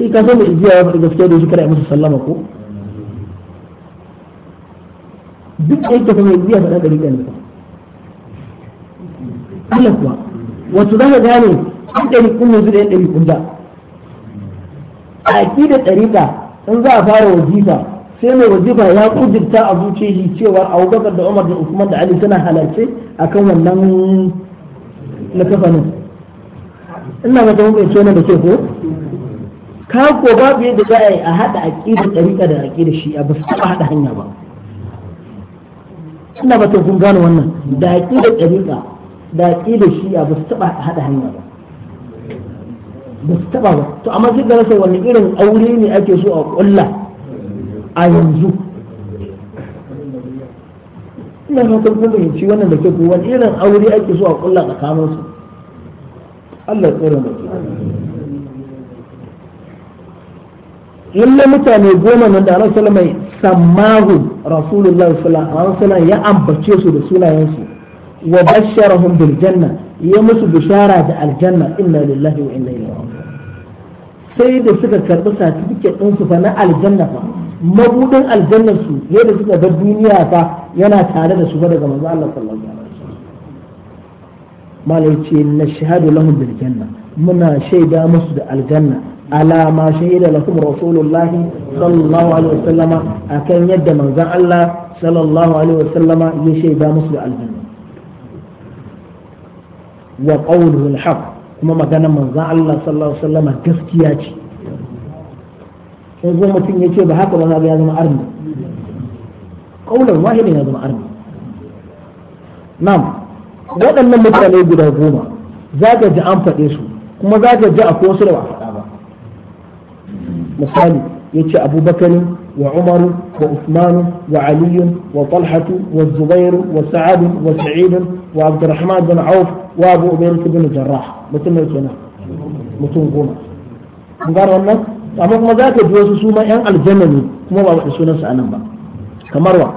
sai ka san da igiya ya faɗi gaskiya da shi kada masa sallama ko duk da yake mai igiya faɗa ɗari ɗari ba Allah kuwa wato za ka gane an ɗari kun yanzu da yan ɗari kun da a aƙida in za a fara wajifa sai mai wajifa ya kujirta a zuce shi cewa abubakar da umar da usman da ali suna halarce kan wannan na kafanin ina ga ta hukunce na da ke ko ka ko babu yadda za a yi a haɗa aƙida ɗariƙa da aƙida shi ba su taɓa haɗa hanya ba ina ba kun gane wannan da aƙida ɗariƙa da aƙida shi ba su taɓa haɗa hanya ba ba su taɓa ba to amma sai rasa wani irin aure ne ake so a ƙulla a yanzu ina fatan kun fahimci wannan da ke wani irin aure ake so a ƙulla tsakaninsu Allah tsere da ke lalle mutane goma nan da Allah sallama sammahu rasulullahi sallallahu alaihi ya ambace su da sunayensu wa basharahum bil janna ya musu bishara da aljanna inna lillahi wa inna ilaihi sai da suka karbi certificate din su fa na aljanna fa mabudin aljannar su yadda suka ga duniya fa yana tare da su ba daga manzo Allah sallallahu alaihi wasallam malai ce na shahadu lahum bil janna muna shaida musu da aljanna ala ma shahida lakum sallallahu alaihi wasallama akan yadda manzon Allah sallallahu alaihi wasallama ya shaida musu da wa qawluhu alhaq kuma maganar manzon Allah sallallahu alaihi wasallama gaskiya ce sai zo mutum ya ce ba haka ba ya zama arni kaulan wahidin ya zama arni nam waɗannan mutane guda goma za ka ji an faɗe su kuma za ka ji a wasu da مثال يتي أبو بكر وعمر وعثمان وعلي وطلحة والزبير وسعد وسعيد وعبد الرحمن بن عوف وأبو أمير بن الجراح مثل ما يتونا مثل قونا مقارنة أما ما ذاك جوز سوما على الجنة كما هو سوما سأنا با كمر وا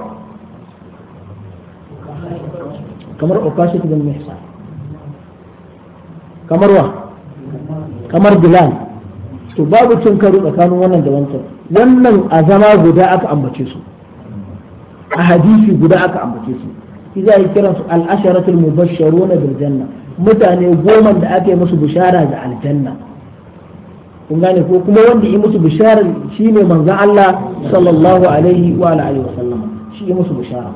كمر أقاشة بن محسن كمر وا كمر بلال to babu cin karo tsakanin wannan da wancan wannan a zama guda aka ambace su a hadisi guda aka ambace su idan ya kiransu al-asharatul mubashsharuna bil janna mutane goma da ake musu bishara da aljanna kun gane ko kuma wanda yi musu bishara shine manzon Allah sallallahu alaihi wa alihi wa sallam shi yi musu bishara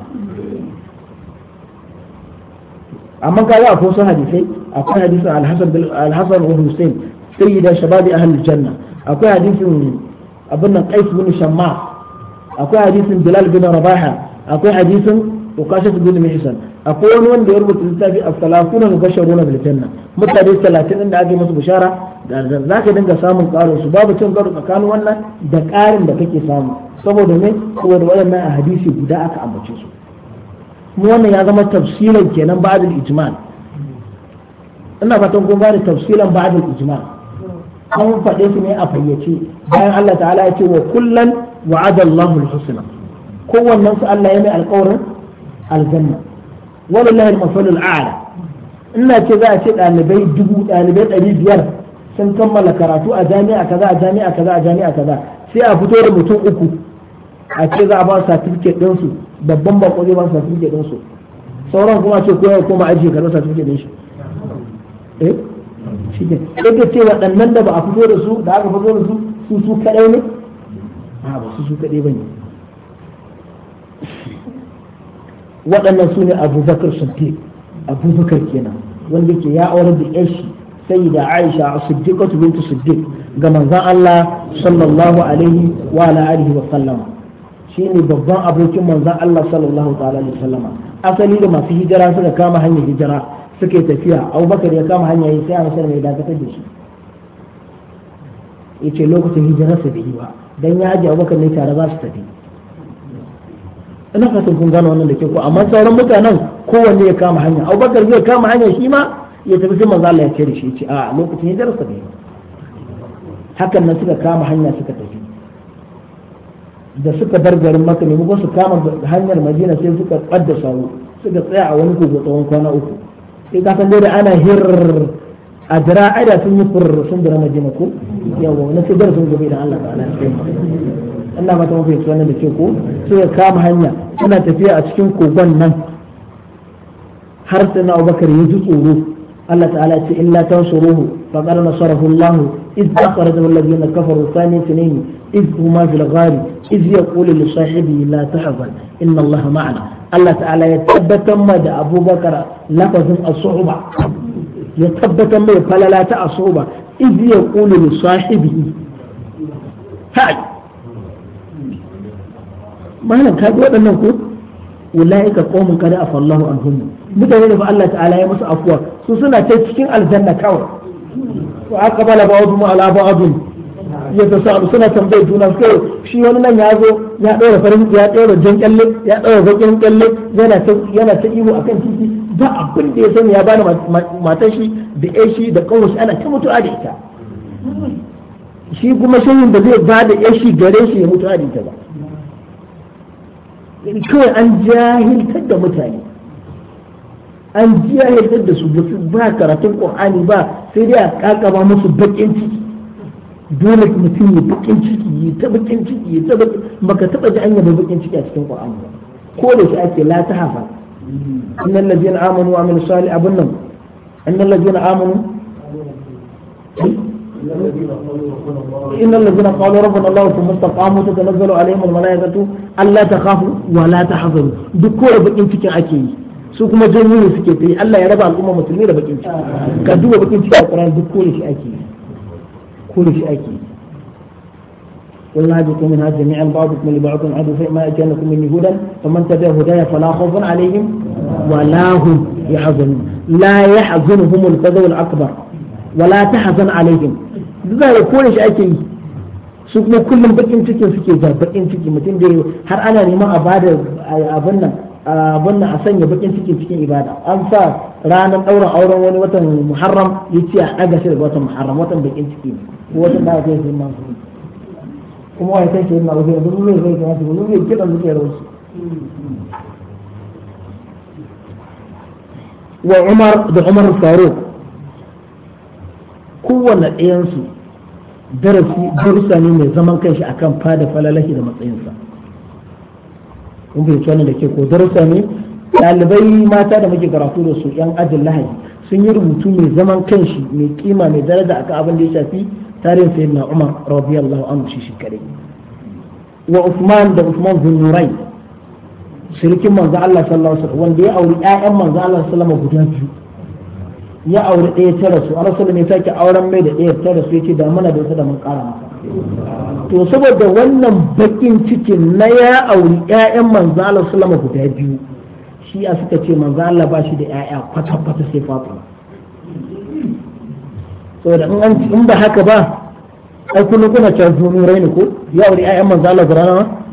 amma kaga akwai wasu hadisi akwai hadisin al-Hasan al-Hasan wa Hussein sayyida shababi ahlul janna akwai hadisin abin nan qais akwai hadisin bilal bin rabaha akwai hadisin ukashat bin mihsan akwai wani wanda ya rubuta littafi as-salafuna mubashiruna bil janna mutane talatin din da ake musu bishara da zaka dinga samun karin su babu cin karo tsakanin wannan da karin da kake samu saboda me saboda waɗannan a hadisi guda aka ambace su mu wannan ya zama tafsilan kenan ba'd al-ijma' ina fatan kun ba da tafsilan ba'd al an faɗe su ne a fayyace bayan Allah ta'ala ya ce wa kullan wa'ada Allahul husna kowannen su Allah ya mai alƙawarin aljanna wallahi al-masalul a'la ina ce za a ce ɗalibai dubu ɗari biyar sun kammala karatu a jami'a kaza a jami'a kaza a jami'a kaza sai a fito da mutum uku a ce za a ba certificate su babban bako zai ba certificate su sauran kuma ce ko ya koma aji kaza certificate ɗin shi eh shi ce waɗannan da ba a fito da su da aka fito da su su su kaɗai ne a ba su su kaɗai ba ne waɗannan su ne abubakar siddiq abubakar kenan wanda ke ya aure da yashi sai da aisha siddiqatu bintu siddiq ga manzon Allah sallallahu alaihi wa ala alihi wa sallama shine babban abokin manzon Allah sallallahu ta'ala alaihi wa sallama asali da masu hijira suka kama hanyar hijira suke tafiya bakar ya kama hanya ya sai a masar mai dakatar da shi ya ce lokacin hijirarsa bai yi ba don ya ajiye abubakar ne tare za su tafi ina fatan kun gano wannan da ke ko amma sauran mutanen kowanne ya kama hanya bakar zai kama hanya shi ma ya tafi sai manzo Allah ya ce da shi ya ce a lokacin hijirarsa bai yi hakan nan suka kama hanya suka tafi da suka bar garin maka ne su kama hanyar madina sai suka ɓadda sawu suka tsaya a wani kogo tsawon kwana uku sai ka san da ana hir a jira ai da sun yi fur sun jira madina ko yawa na sai darasin gobe da Allah ta'ala Allah ba ta mafi wannan da ke ko sai kama hanya suna tafiya a cikin kogon nan har sai na Abubakar ya ji tsoro الله تعالى إلا تنصروه فقد نصره الله إذ أخرجه الذين كفروا ثاني اثنين إذ هما في الغار إذ يقول لصاحبه لا تحزن إن الله معنا Allah ta'ala ya tabbatar ma da abubakar lafazin asuba ya tabbatar mai falala ta asuba idh yaqulu li sahibihi hai malam ka bi waɗannan ku, ko ka qawmun kada afallahu anhum mutane da fa Allah ta'ala ya musu afuwa su suna ta cikin aljanna kawai wa aqbala ba'dhum ala ba'dhin ya ta suna tambayar juna su kai shi wani nan ya zo ya ɗora farin ya ɗora jan kyalle ya ɗora zaƙin kyalle yana ta yana ta ihu akan titi da abin da ya sani ya bani matar shi da ƴan shi da ƙawar shi ana ta mutuwa da ita shi kuma shirin da zai ba da ƴan shi gare shi ya mutuwa da ita ba kawai an jahiltar da mutane an jahiltar da su ba karatun ƙur'ani ba sai dai a kakaba musu baƙin ciki dole mutum ya bakin ciki ya ta bakin ciki ya ta bakin baka taba ji an yaba bakin ciki a cikin Qur'ani ba ko da shi ake la ta hafa innal ladina amanu wa amilus salih abun nan innal ladina amanu إن الذين قالوا ربنا الله ثم استقاموا تتنزل عليهم الملائكة ألا تخافوا ولا تحزنوا دكور بكين cikin ake yi su kuma jami'in suke ta yi Allah ya raba al'umma musulmi da bakin ciki ka duba bakin ciki a Qur'an duk kore shi ake yi كل شيء ake قلنا منها جميعا بعضكم لبعض عدو فما اتيناكم مني هدى فمن تبع هدايا فلا خوف عليهم ولا هم يحزنون لا يحزنهم الفزع الاكبر ولا تحزن عليهم ذا يقول ايش ake yi su kuma kullum bakin cikin suke ja bakin ciki mutum da har ana neman a bada abin a sanya bakin cikin cikin ibada an sa ranar ɗaurin auren wani watan muharram ya ce a ɗaga shi daga watan muharram watan bakin ciki ko watan da ake yi sai masu kuma wani sai sai masu yanzu mun zai zai masu mun zai kiɗa zuke da wasu wa umar da umar faruk kowanne ɗayansu darasi darussa ne mai zaman kanshi akan fada falalahi da matsayinsa kun fahimci wannan da ke ko darussa ne ɗalibai mata da muke karatu da su yan ajin lahani sun yi rubutu mai zaman kanshi mai kima mai daraja akan abin da ya shafi tarihin na umar radiyallahu anhu shi shekare wa usman da usman zunurai shirkin manzo Allah sallallahu alaihi wasallam wanda ya auri ƴaƴan manzo Allah sallallahu alaihi wasallam guda biyu ya aure ɗaya tara su a rasu ne sake auren mai da ɗaya tara su ya ce da muna da ita da mun ƙara masa to saboda wannan bakin cikin na ya auri ƴaƴan manzo Allah sallama guda biyu shi a suka ce manzo Allah ba shi da ƴaƴa kwata kwata sai fatu saboda in in ba haka ba ai kullum kuna cewa zuwa raini ko ya auri ƴaƴan manzo Allah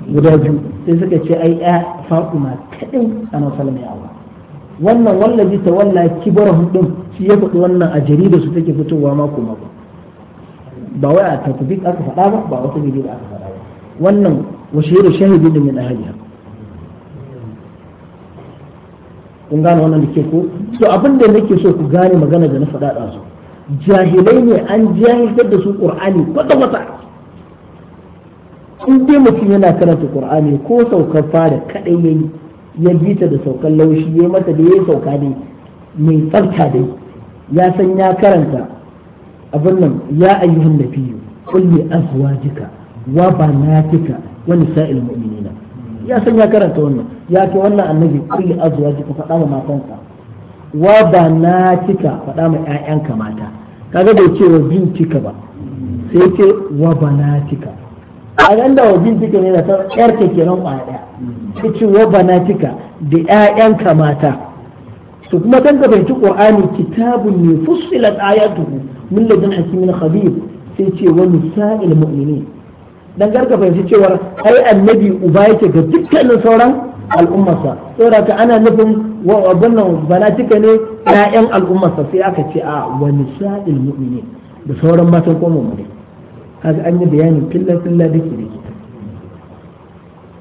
guda biyu sai suka ce ai ƴa Fatima kadai ana sallama ya auri. wannan wallazi ta walla kibarahum din shi ya faɗi wannan a jarida su take fitowa mako mako ba wai a tatbiq aka faɗa ba ba wata jarida aka faɗa ba wannan wa shahidu shahidin min ahliha kun gane wannan da ke ko to abin da nake so ku gane magana da na faɗa da su jahilai ne an jahilar da su qur'ani kwata kwata in dai mutum yana karanta qur'ani ko saukar fara kadai yayi ya ji ta da saukan laushi ya mata da ya sauka ne mai tsafta dai ya san ya karanta abin nan ya ayyuhan nabiyyu qul li azwajika wa banatika wa nisa'il mu'minina ya san ya karanta wannan ya ce wannan annabi qul li azwajika faɗa ma matanka wa banatika faɗa ma ƴaƴanka mata kaga bai ce wa bintika ba sai ce wa banatika a ganda wa bintika ne da ta ƴarta kenan ƙwaya Cikin wa banatika da 'ya'yanka mata su kuma kan ka fahimci qur'ani kitabun ne fussilat ayatuhu min ladun hakimin khabir sai ce wa nisa'il mu'minin dan garka cewar ai annabi uba yake ga dukkanin sauran al'ummarsa saboda ka ana nufin wa wannan banatika ne 'ya'yan al'ummarsa sai aka ce a wa nisa'il mu'minin da sauran matan kuma mu'minin Haka an yi bayanin filla filla dake dake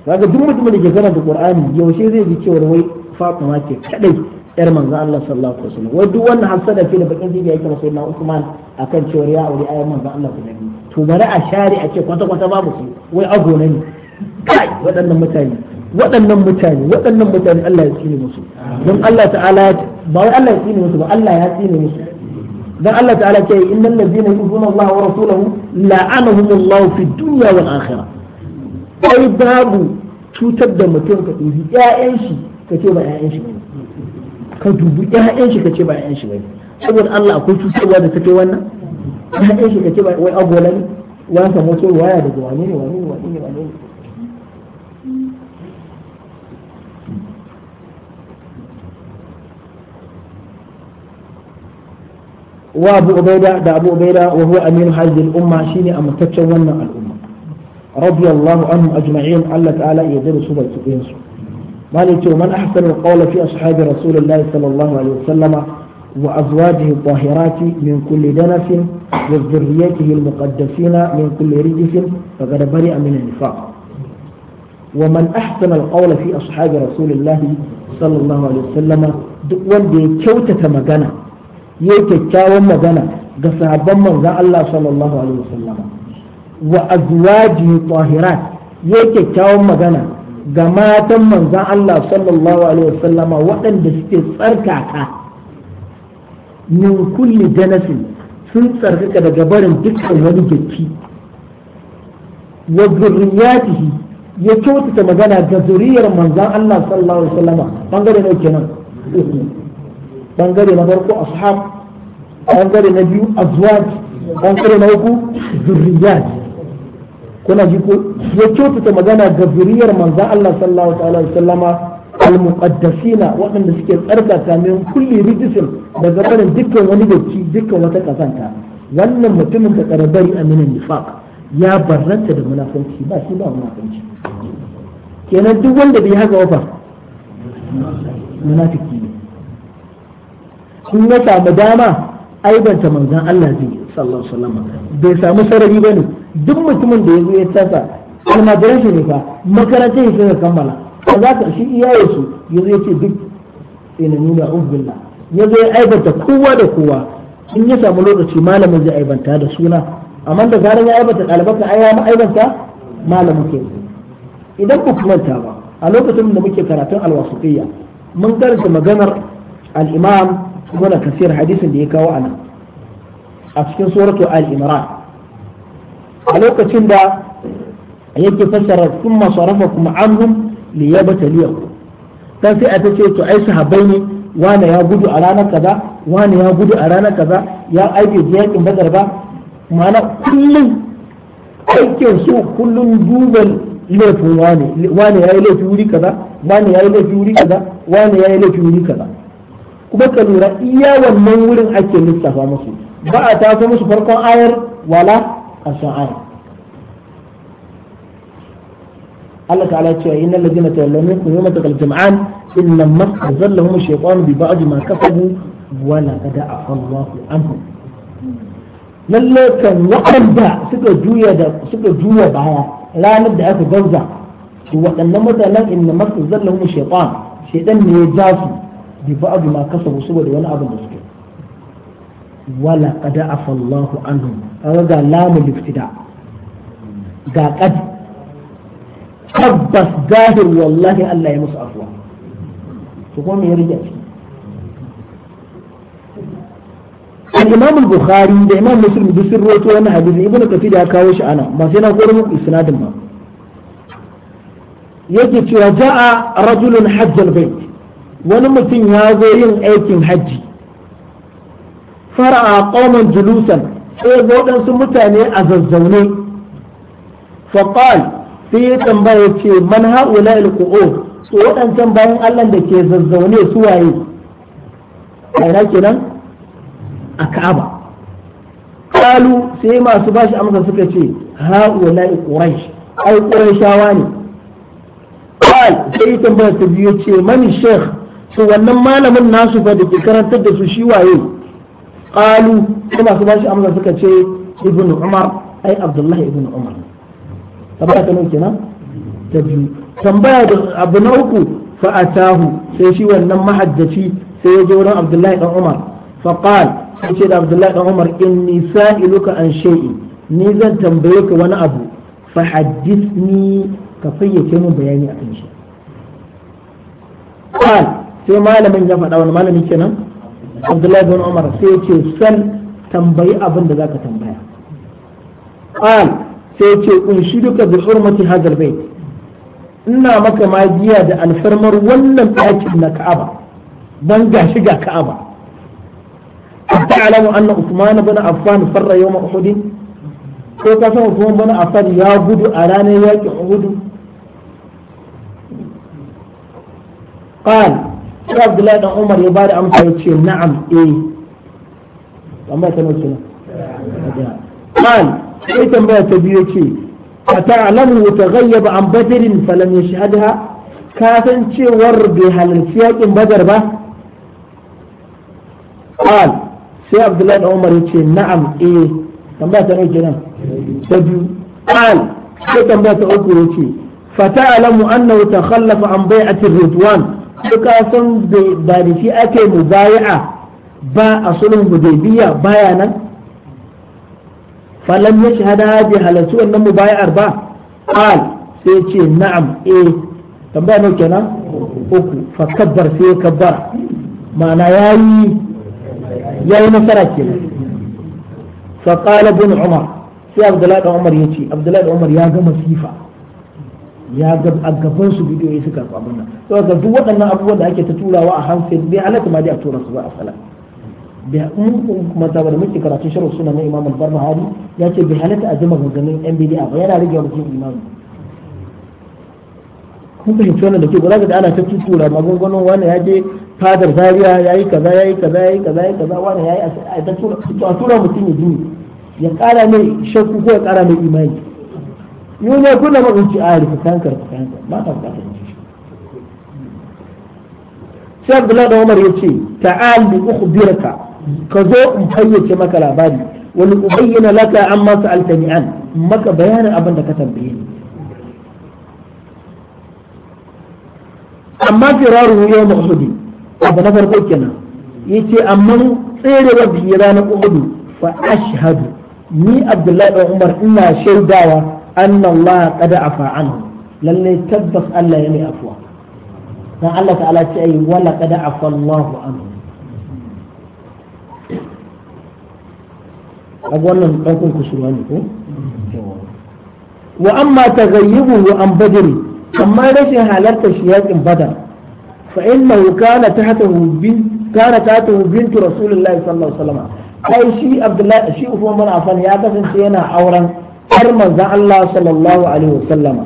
kaga duk mutumin da ke karanta qur'ani yaushe zai ji cewa wai fatima ce kadai yar manzo Allah sallallahu alaihi wasallam wai duk wannan hasada ce da bakin jibi yake masa na Usman akan cewa ya aure ayyan manzo Allah ku nabi to bari a share a ce kwata kwata babu su wai ago ne kai waɗannan mutane waɗannan mutane waɗannan mutane Allah ya tsine musu don Allah ta'ala ba wai Allah ya tsine musu ba Allah ya tsine musu dan Allah ta'ala ce innal ladzina yu'minuna Allah wa rasulahu la'anahumullahu fid dunya wal akhirah ai babu cutar da mutum ka dubi ƴaƴan shi ka ce ba ƴaƴan shi bane ka dubi ƴaƴan shi ka ce ba ƴaƴan shi bane saboda Allah akwai cutarwa da take wannan ƴaƴan shi ka ce ba wai agola ne samu ce waya da wani ne wani ne wani ne wani ne wa abu ubaida da abu ubaida wa huwa aminu hadhihi al-umma shine amintaccen wannan al'umma رضي الله عنهم أجمعين الله تعالى يدير سوى سبعينسو مالك من أحسن القول في أصحاب رسول الله صلى الله عليه وسلم وأزواجه الطاهرات من كل دنس وذريته المقدسين من كل رجس فقد برئ من النفاق ومن أحسن القول في أصحاب رسول الله صلى الله عليه وسلم دول بكوتة مغنى يكتاوى مغنى قصها بمن الله صلى الله عليه وسلم wa azwaji tahirat ya kyakkyawan magana ga matan manzan Allah sallallahu alaihi wasallama waɗanda suke tsarkaka min kulli janasin sun tsarkaka daga barin dukkan wani datti wa zurriyatihi ya kyautata magana ga zuriyar manzan Allah sallallahu alaihi wasallama bangare ne kenan bangare na farko ashab bangare na biyu azwaj bangare na uku zurriyat kuna ji ko ya kyautata magana ga zuriyar manzon Allah sallallahu alaihi wasallama al-muqaddasina waɗanda suke tsarkaka min kulli rijisin daga barin dukkan wani datti dukkan wata kasanta wannan mutumin da karabari aminin nifaq ya barranta da munafanci ba shi ba munafanci kenan duk wanda bai haka wafa munafiki ne Kun ya samu dama aibanta manzon Allah zai yi sallallahu alaihi bai samu sarari bane duk mutumin da ya zo ya tasa almajiran shi ne fa makaranta ya sai kammala ba za ka shi iyaye su ya yace duk ina eh, nuna ubbilla ya zo ya aibata kowa da kowa in ya samu lokaci malamin zai aibanta da suna amma da zaran ya aibata ɗaliban ka ya aibanta malamin ke idan ku manta ba a lokacin da muke karatun alwasitiyya mun karanta maganar al-imam ibn kasir hadisin da ya kawo anan a cikin suratu al-imran a lokacin da yake fassara sun masarafa kuma anhum li yabtaliyakum dan sai a ta ce to ai su sahabbai ne wane ya gudu a ranar kaza wane ya gudu a ranar kaza ya aibe je yakin badar ba ma'ana kullum aikin su kullum duba laifin wane wane yi laifi wuri kaza wane ya yi laifi wuri kaza wane ya yi laifi wuri kaza kuma ka lura iya wannan wurin ake lissafa musu ba a taso musu farkon ayar wala ƙarshen ayar Allah ta'ala ce cewa innal ladina tawallaw minkum yawma taqal jam'an inna ma azallahum ash-shaytanu bi ba'd ma kafaru wa la afa Allahu anhum lalle kan waɗanda suka juya da suka juya baya ranar da aka gauza to waɗannan mutanen inna ma azallahum ash-shaytan shaytan ne ya ja su bi ba'd ma kasabu saboda wani abu da suke wala qad afa Allah anhum ga lamu liftida ga qad tabbas zahir wallahi Allah ya musu afwa to kuma me yarda al-imam bukhari da imam muslim duk sun rawaito wannan hadisi ibnu ya kawo shi ana ba sai na koro ba yake cewa ja'a rajulun hajjal bait wani mutum ya zo yin aikin hajji fara'a qauman julusan sai ga waɗansu mutane a zazzaune faqal sai ya tambaya ce man haula alqu'ud su waɗancan bayan Allah da ke zazzaune su waye aina kenan a Ka'aba qalu sai masu bashi amsa suka ce haula quraish ai qurayshawa ne qal sai ya tambaya ta biyo ce man sheikh to wannan malamin nasu ba da ke karantar da su shi waye qalu kuma su bashi amsa suka ce ibn umar ai abdullahi ibn umar tabbata nan ta biyu tambaya da abu na uku fa sai shi wannan mahaddaci sai ya je wurin abdullahi dan umar fa qal ce da abdullahi dan umar inni sa'iluka an shay'in ni zan tambaye ka wani abu fa haddithni ka fayyace min bayani akan shi qal sai malamin ya faɗa wani malami kenan abdullahi bin umar sai ya ce sal tambayi abin da zaka tambaya qal sai ya ce unshiduka bi hurmati hadal bait ina maka magiya da alfarmar wannan ɗakin na ka'aba dan gashi ga ka'aba ta'lamu anna usman bin affan farra yawm uhud ko ka san usman bin affan ya gudu a ranar yakin uhud qal sai abdullahi dan umar ya bada amsa ya ce na'am eh tambaya ta nawa kenan qal sai tambaya ta biyu ce ata'lamu taghayyaba an badrin falam yashhadha ka san cewar bai halarci yakin badar ba qal sai abdullahi dan umar ya ce na'am eh tambaya ta nawa kenan ta biyu qal sai tambaya ta uku ya ce fata'lamu annahu takhallafa an bai'ati ridwan ko ka san ba da shi ake mubaya'a ba a sulhun hudaybiya baya nan falam ya shahada bi halattu wannan mubaya'ar ba qal sai ce na'am eh tambaya ne kenan uku fa kabbar sai ya kabbara ma'ana yayi yayi nasara kenan fa qala ibn umar sai abdullahi umar yace abdullahi umar ya ga masifa ya a gaban su ya suka karɓa abin nan to duk waɗannan abubuwan da ake ta turawa a hanfil bai alaka ma dai a tura su ba a sala bai mun kuma ta bada muke karatun shirin suna na imam al-barbahari ya ce bai halatta a jima gangamin NBD a ba yana rage wajen imam kun fahimci wannan da ke ba za ka da ana ta tutura magungunan wani ya je fadar Zariya ya yi kaza ya yi kaza ya yi kaza ya yi kaza wani ya yi a tura mutum ya jini ya ƙara mai shakku ko ya ƙara mai imani yau ne kuna ba zuci a rufe kanka ba ta bukatar shi abdullahi da umar ya ce ta'al bi ukhbirka ka zo in fayyace maka labari wani ubayyana laka amma sa'altani an maka bayanin abin da ka tambaye ni amma firaru ya mahudi abu na farko kenan yace amma tserewar da ranar uhudu fa ashhadu ni abdullahi da umar ina shaidawa anna Allah qad afa anhu tabbas Allah ya mai afwa dan Allah ta'ala ce ai wala qad afa Allah anhu wa amma taghayyubu wa an badr amma rashin halarta shi yakin badar fa innahu kana tahtahu bin kana tahtahu bint rasulullahi sallallahu shi abdullahi shi ya kasance yana auren har manzan Allah sallallahu alaihi wasallama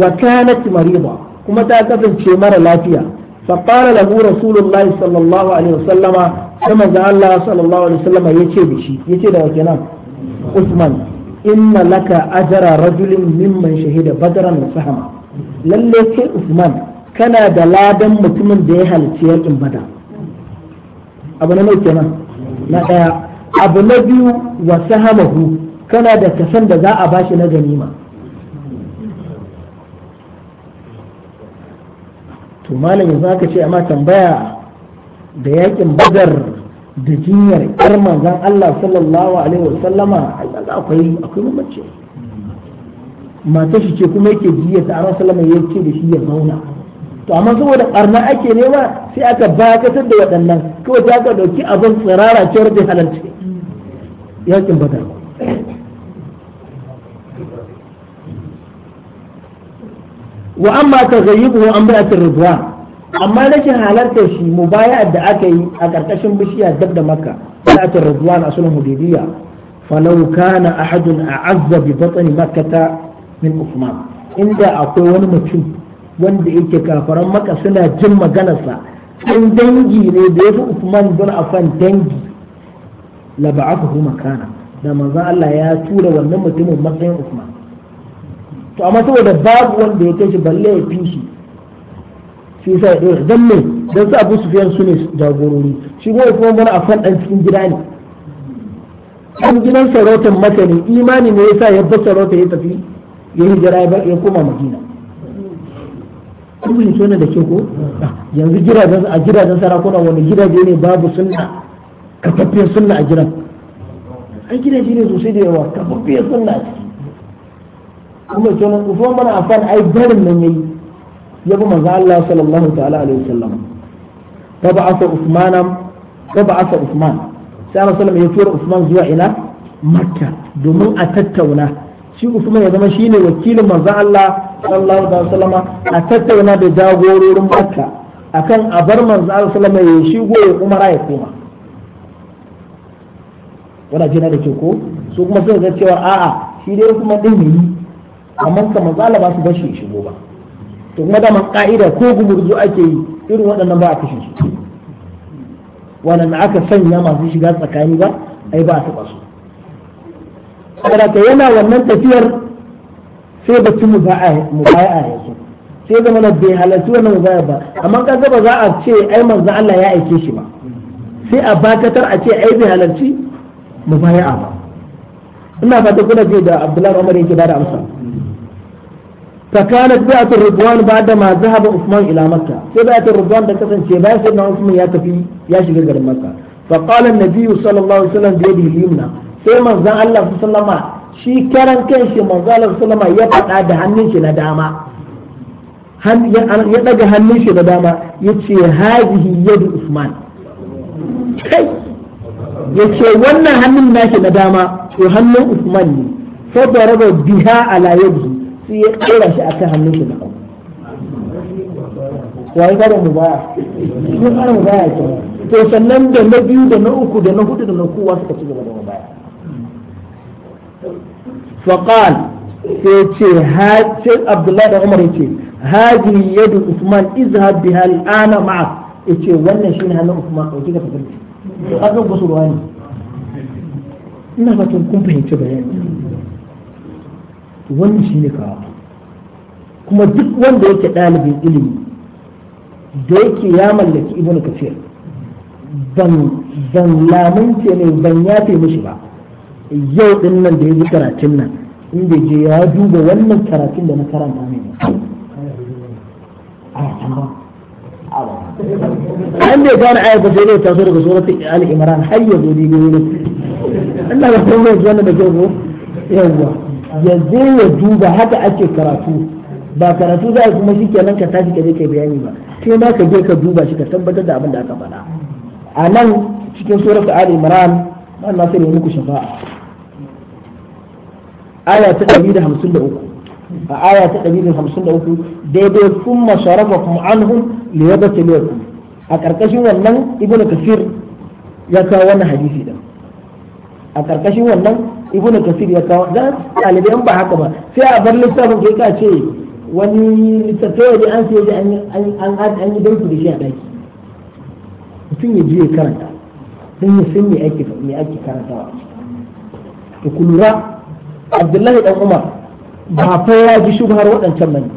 wa kanat mariba kuma ta kasance mara lafiya fa qala lahu rasulullahi sallallahu alaihi wasallama sai manzan Allah sallallahu alaihi wasallama yace da shi yace da wakilan Usman inna laka ajra rajulin mimman shahida badran wa sahama lalle kai Usman kana da ladan mutumin da ya halarci yakin bada abu na mai kenan na daya abu na biyu wa sahamahu kana da kasan da za a bashi na ganima to malam yanzu aka ce amma tambaya da yakin bazar da jinyar yar manzan Allah sallallahu alaihi wasallama akwai akwai mamace mata shi ce kuma yake jiya ta aron sallama ya da shi ya zauna to amma saboda barna ake nema sai aka bakatar da waɗannan kawai ta ka ɗauki abin tsirara cewar bai halarci yakin bada wa amma ta zayyibu an bai'atul ridwan amma nake halartar shi baya da aka yi a ƙarƙashin bishiya dab da makka bai'atul ridwan a sunan hudaybiya falau kana ahadun a'azza bi batni makkata min uthman inda akwai wani mutum wanda yake kafaran maka suna jin maganarsa in dangi ne da ya fi Usman bin Affan dangi la ba'athu makana da manzo Allah ya tura wannan mutumin matsayin Usman. to amma saboda babu wanda ya kai shi balle ya fi shi shi sa ya dora dan me dan su Abu Sufyan su ne jagorori shi kuma Uthman bin Affan dan cikin gida ne an gidan sarautar masani, imani ne yasa ya bar sarautar ya tafi ya hijira ya koma Madina kun fahimci wannan da ke ko ah, yanzu gidajen a gidajen sarakuna wani gidaje ne babu sunna kafaffiyar sunna a gidan an gidaje ne sosai da yawa kafaffiyar sunna a ciki kuma ce wannan ufan mana afan ai barin nan yayi ya bi manzo Allah sallallahu ta'ala alaihi wasallam fa ba'atha usmana ba ba'atha usman sai rasulullahi ya tura usman zuwa ina makka domin a tattauna shi Usman ya zama shine wakilin manzo Allah sallallahu alaihi wasallam a tattauna da jagororin Makka akan a bar manzo Allah sallallahu alaihi wasallam ya shigo ya kuma ya kuma wanda jina da ke ko su kuma sai ga cewa a'a shi dai kuma din yi amma manzo Allah ba su ba shi shigo ba to kuma da man ka'ida ko gumurzu ake yi irin waɗannan ba a kashe su wannan aka sanya masu shiga tsakani ba ai ba a ba su saboda yana wannan tafiyar sai batun mubaya'a ya so sai zama na bai halarci wannan mubaya ba amma kaga ba za a ce ai manzo Allah ya aike shi ba sai a bakatar a ce ai bai halarci mubaya'a ba ina fata kuna ji da Abdullahi Umar yake da amsa فكانت بيعة الرضوان بعدما ذهب عثمان إلى مكة بيعة الرضوان ده كسن شيء بس إن عثمان يتفي يشغل مكة فقال النبي صلى الله عليه وسلم بيده اليمنى sai manzan Allah su sallama shi karan shi manzan Allah su sallama ya faɗa da hannun shi na dama ya ɗaga hannun shi na dama ya ce hadihi yadu usman kai ya ce wannan hannun na shi na dama to hannun usman ne saboda raba biha ala yadu sai ya tsira shi akan hannun shi na hagu waye karin mu baya karin mu ke to sannan da na biyu da na uku da na hudu da na kowa suka ci gaba da mu فقال سيتي هاد سيد عبد الله بن عمر يتي هذه يد عثمان اذهب بها الان معك يتي wannan shine hannun Uthman dauke ka tafi to aka gusu ruwa ne ina fatan kun fahimci bayani wannan shine ka kuma duk wanda yake dalibin ilimi da yake ya mallaki ibnu kafir ban ban lamunce ne ban yafe mishi ba yau din nan da ya yi karatun nan in je ya duba wannan karatun da na karanta mai an bai gane ayar ba sai dai taso daga suratu ali imran har ya zo dai gani Allah ya mai wannan da ke go yawa ya ya duba haka ake karatu ba karatu za a kuma shi kenan ka tashi ka je kai bayani ba sai ma ka je ka duba shi ka tabbatar da abin da aka faɗa a nan cikin suratu ali imran wannan sai ne muku shafa'a aya ta 153 a aya ta 153 daidai kuma sharafa kuma anhum li yabtaliyakum a ƙarƙashin wannan ibnu kafir ya kawo wannan hadisi din a ƙarƙashin wannan ibnu kafir ya kawo dan ɗalibai ba haka ba sai a bar littafin kai ka ce wani littattafai da an sai an an an yi dauki da shi a daki mutum ya je karanta don ya san me ake me ake karantawa to ku lura Abdullahi ɗan Umar ba fa ya ji har waɗancan bane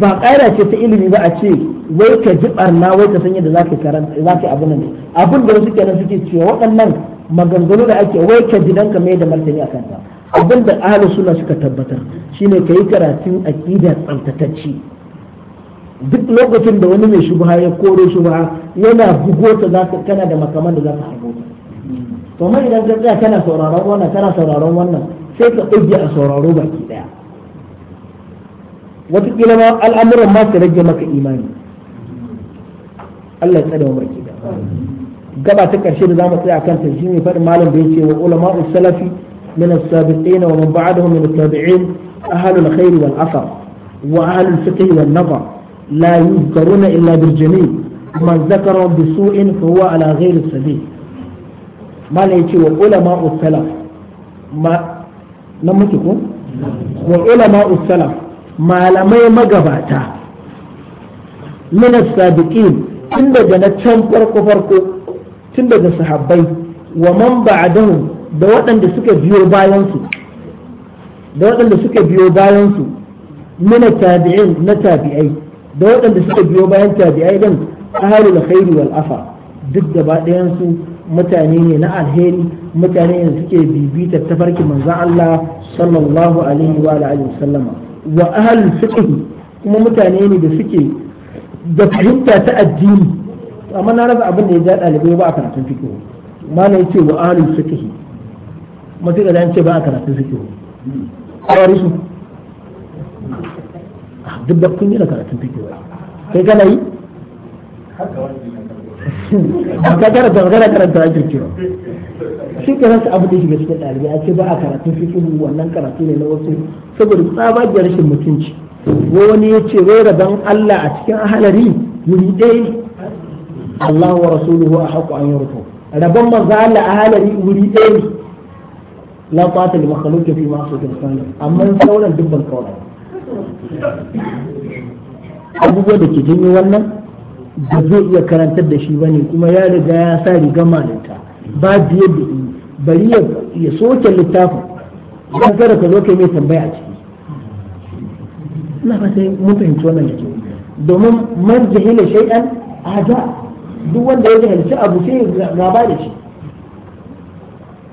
ba ƙaira ce ta ilimi ba a ce wai ka ji barna wai ka san yadda ka karanta ka abu nan abin da wasu kenan suke cewa waɗannan maganganu da ake wai ka ji dan ka mai da martani a kanta abin da ahlus sunna suka tabbatar shine kai karatun aqida tsantatacci duk lokacin da wani mai shubha ya kore shubha yana bugo ta za ka kana da makaman da za ka harbo ta to mai idan ka tsaya kana sauraron wannan kana sauraron wannan sai ka ɗauke a sauraro baki ɗaya wataƙila ma al'amuran ma su rage maka imani Allah ya tsada wa baki ɗaya gaba ta karshe da zamu mu tsaya kan ta shi ne faɗin malam da ya ce wa ulama salafi من السابقين ومن بعدهم من التابعين أهل الخير والأثر وأهل الفقه والنظر لا يذكرون إلا بالجميل ومن ذكرهم بسوء فهو على غير السبيل ما نيتي وعلماء السلف ما نمتكم وعلماء السلف ما لمي مقباتا من السابقين عند جنتهم فرق فرق تند الصحابين ومن بعدهم da waɗanda suka biyo bayansu da waɗanda suka biyo bayansu mina tabi'in na tabi'ai da waɗanda suka biyo bayan tabi'ai din ahlul khairi wal afa duk gaba ɗayan su mutane ne na alheri mutane ne suke bibita tafarkin manzon Allah sallallahu alaihi wa alihi wasallama wa ahlul fiqh kuma mutane ne da suke da fahimta ta addini amma na rasa abin da ya ja ɗalibai ba a karatun fiqh mana yace wa ahlul fiqh mutum da ce ba a karatun fiqh a warisu duk da kun yi da karatun take wai kai kana yi ka karanta magana karanta ake cewa shi karanta abu da shiga cikin ɗalibai a ce ba a karatun fikihu wannan karatu ne na wasu saboda tsabagiyar rashin mutunci ko wani ya ce wai rabon Allah a cikin ahalari wuri ɗaya Allah wa rasuluhu a haƙo an yi rufo. rabon manzo Allah a ahalari wuri ɗaya la qata li makhluqin fi ma'siyati amma sauran dubban kawai abubuwa da ke janyo wannan ba zai iya karantar da shi ba ne kuma ya riga ya sa riga malinta ba biyar da yi bari ya soke littafin ya kada ka zo kai mai tambaya a ciki ina fata mun fahimci wannan jiki domin man jahila shay'an aja duk wanda ya jahilci abu sai gaba da shi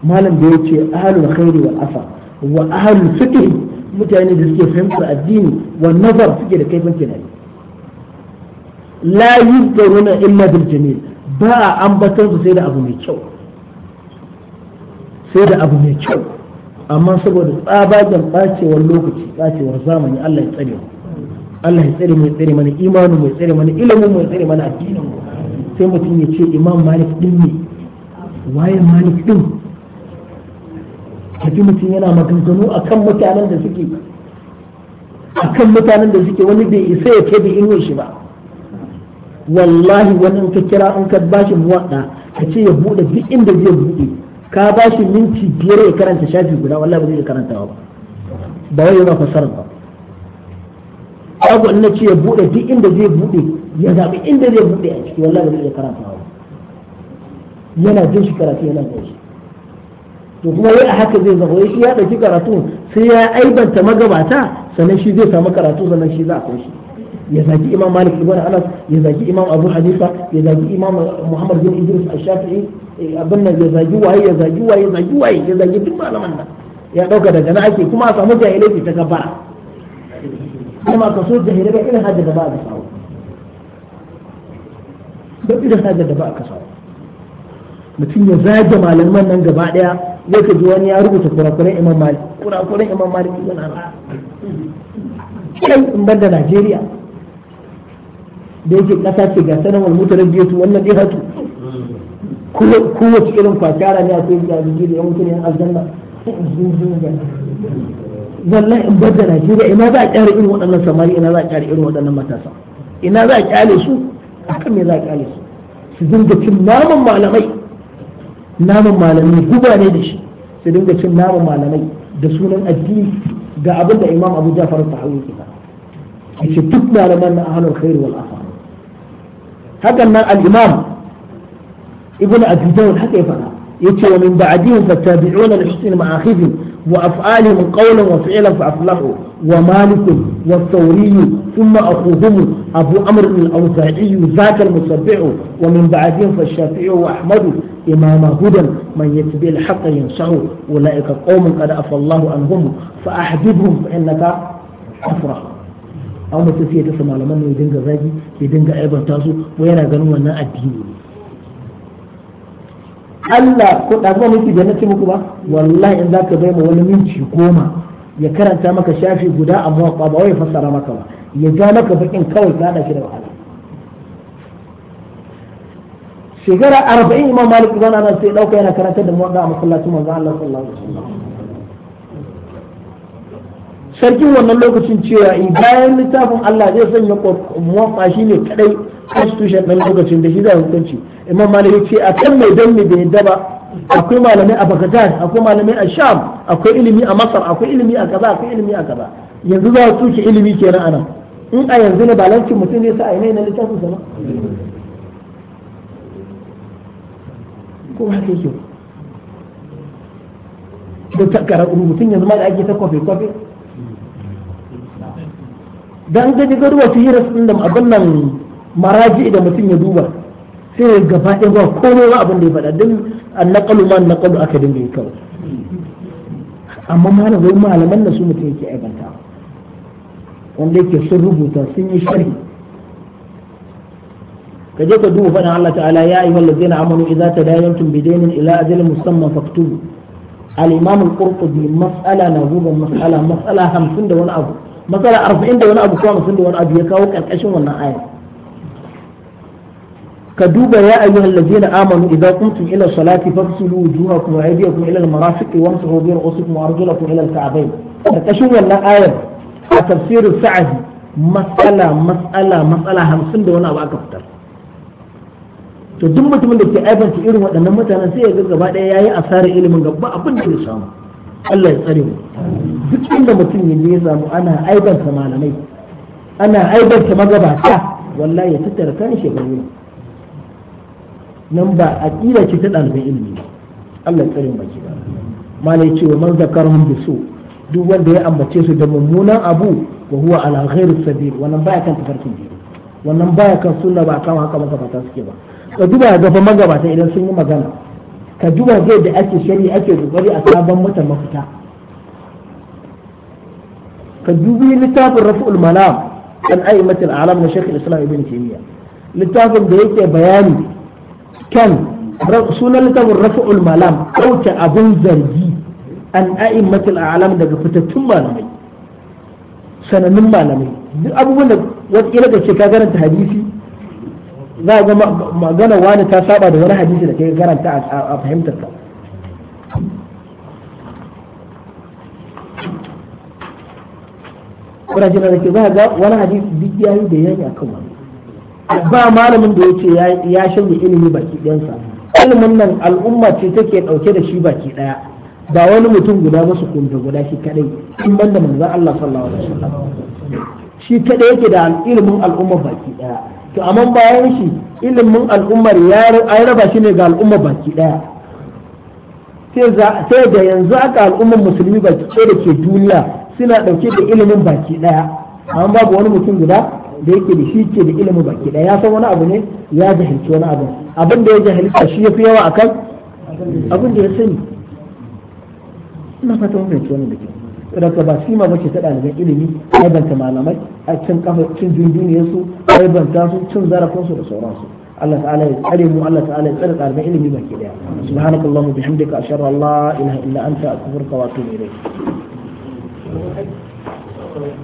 malam da ya ce ahlul khairi wal afa wa ahlul fiqh mutane da suke fahimtar addini wa nazar suke da kaifin tunani la yuzkaruna illa bil jamil ba a ambatar su sai da abu mai kyau sai da abu mai kyau amma saboda tsabagen bacewar lokaci bacewar zamani Allah ya tsare mu Allah ya tsare mu ya tsare mana imanin mu ya tsare mana ilimin mu ya tsare mana addinin mu sai mutum ya ce imam malik din ne waye malik din kaji mutum yana maganganu kan mutanen da suke a kan mutanen da suke wani bai isa ya ke da inuwar shi ba wallahi wani in ka kira in ka bashi muwadda ka ce ya bude duk inda zai bude ka bashi minti biyar ya karanta shafi guda wallahi ba zai karanta ba ba wai yana fasara ba abu na ce ya bude duk inda zai bude ya zabi inda zai bude a ciki wallahi ba zai karanta ba yana jin shi karatu yana jin shi to kuma wai a haka zai zama wai shi ya ɗauki karatu sai ya aibanta magabata sannan shi zai samu karatu sannan shi za a kai shi ya zaki imam malik ibn anas ya zaki imam abu hanifa ya zaki imam muhammad bin idris ash-shafi'i abin nan ya zaki waye ya zaki waye ya zaki waye ya zaki duk malaman nan ya dauka daga nan ake kuma a samu jahilai ta gaba kuma ka so jahilai irin hajji da ba a samu duk irin hajji da ba a samu mutum ya zage malaman nan gaba daya ya ka ji wani ya rubuta kurakuran imam malik kurakuran imam malik ibn arabi kai in banda najeriya da yake kasa ce ga sanar wal mutarabiyatu wannan dai hatu kowace irin kwakyara ne akwai da jiki da yan mutum yan aljanna wallahi in banda najeriya ina za a kyara irin waɗannan samari ina za a kyara irin waɗannan matasa ina za a kyale su akan me za a kyale su su dinga cin naman malamai naman malami guba ne da shi su dinga cin naman malamai da sunan addini ga abin da imam abu jafar sahawi ke faɗa yace duk malaman na ahlul khair wal afa hakan nan al-imam ibn abi dawud haka ya faɗa yace wa min ba'dihim fattabi'una li husni ma'akhihim wa af'alihim qawlan wa fi'lan fa aflahu wa malik wa thawri thumma akhuhum abu amr al-awza'i zaka al-musabbihu wa shafiu wa ahmadu إمام هدى من يتبع الحق ينصحه أولئك قوم قد عفى الله عنهم فأحببهم فإنك أفرح أو mutum sai ya tasa malaman ne ya dinga zagi ya dinga aibanta su ko yana ganin wannan addini Allah ko da zuwa miki da nace muku ba wallahi in zaka bai ma wani minti goma ya karanta maka shafi guda amma ba ba wai fassara maka ba ya ja maka bakin kawai ka da shi da wahala shekara arba'in imam malik ibn anas sai dauka yana karantar da muwadda a masallacin manzo Allah sallallahu alaihi wasallam sarkin wannan lokacin cewa in eh, bayan littafin Allah zai sanya shi shine kadai constitution ɗan lokacin da shi da hukunci imam malik ce a kan mai danne bai yadda ba akwai malamai a bakatar akwai malamai a sham akwai ilimi a masar akwai ilimi a kaza akwai ilimi a kaza yanzu za su tuke ilimi kenan anan in a yanzu ne balancin mutum ne sa a yanayi na littafin sama ko ba haka yake ko takara rubutun yanzu ma da ake ta kwafe kwafe dan gaji garuwa su hirar din da abin nan maraji da mutum ya duba sai ya gaba ɗaya ba komai ba abin da ya faɗa din annaqalu ma annaqalu aka dinga yi kawai amma malamai malaman da su mutum yake aibanta wanda yake sun rubuta sun yi shari ka je ka duba faɗin Allah ta'ala ya ayyuhal ladzina amanu idza tadayantum bidaynin ila ajalin musamman faktubu al-imam al-qurtubi mas'ala na guban mas'ala mas'ala 50 da wani abu mas'ala 40 da wani abu ko 50 da wani abu ya kawo karkashin wannan ayat ka duba ya ayyuha allazina amanu idza qumtum ila salati faghsilu wujuhakum wa aydiyakum ila al-marafiqi wamsahu bi ru'usikum wa arjulakum ila al-ka'bayn karkashin wannan ayar a tafsirin sa'adi matsala matsala matsala hamsin da wani abu aka fitar to duk mutumin da ke aibanta irin waɗannan mutanen sai ya ga gaba ɗaya yayi asarar ilimin gaba abin da ya samu Allah ya tsare mu duk inda mutum ya ya samu ana aibanta malamai ana aibanta magabata wallahi ya tattara kan shekaru nan ba a aqida ce ta ɗalibin ilimi Allah ya tsarin baki ba malai ce wa man bi so. duk wanda ya ambace su da mummunan abu wa huwa ala ghairi sabil wannan baya kan tafarkin dini wannan baya kan sunna ba kan haka magabata suke ba ka duba ga fa magabata idan sun yi magana ka duba zai da ake shari ake kokari a sabon mata mafita ka dubi littafin rafi'ul malam an aimatul alam na shekul islam ibn taymiya littafin da yake bayani kan sunan littafin rafi'ul malam ɗauke abin zargi an a a'lam daga fitattun malamai sanannun malamai duk abubuwan da wata da ke ka karanta hadisi za a ga magana wani ta saba da wani hadisi da kai karanta a fahimtar ka kuna jina da ke za a ga wani hadisi duk yayi da yayi akan wani ba malamin da yake ya shanye ilimi baki ɗansa ilimin nan al'umma ce take ɗauke da shi baki ɗaya ba wani mutum guda ba su kunta guda shi kadai in banda manzan Allah sallallahu alaihi wasallam shi kadai yake da ilimin al'umma baki ɗaya to amma bayan shi ilimin al'ummar ya raba shi ne ga al'umma baki ɗaya sai da yanzu aka al'ummar musulmi baki ɗaya da ke duniya suna ɗauke da ilimin baki ɗaya amma babu wani mutum guda da yake da shi ke da ilimin baki ɗaya ya san wani abu ne ya jahilci wani abu abin da ya jahilta shi ya fi yawa akan abin da ya sani ina fata mun fahimci wannan da ke daga ba sima mace ta ɗaliban ilimi aibanta malamai a cin kafa cin dunduniyar su banta su cin zarafin su da sauransu Allah ta'ala ya tsare mu Allah ta'ala ya tsare ɗaliban ilimi baki daya subhanakallahumma bihamdika ashhadu an la ilaha illa anta astaghfiruka wa atubu ilayk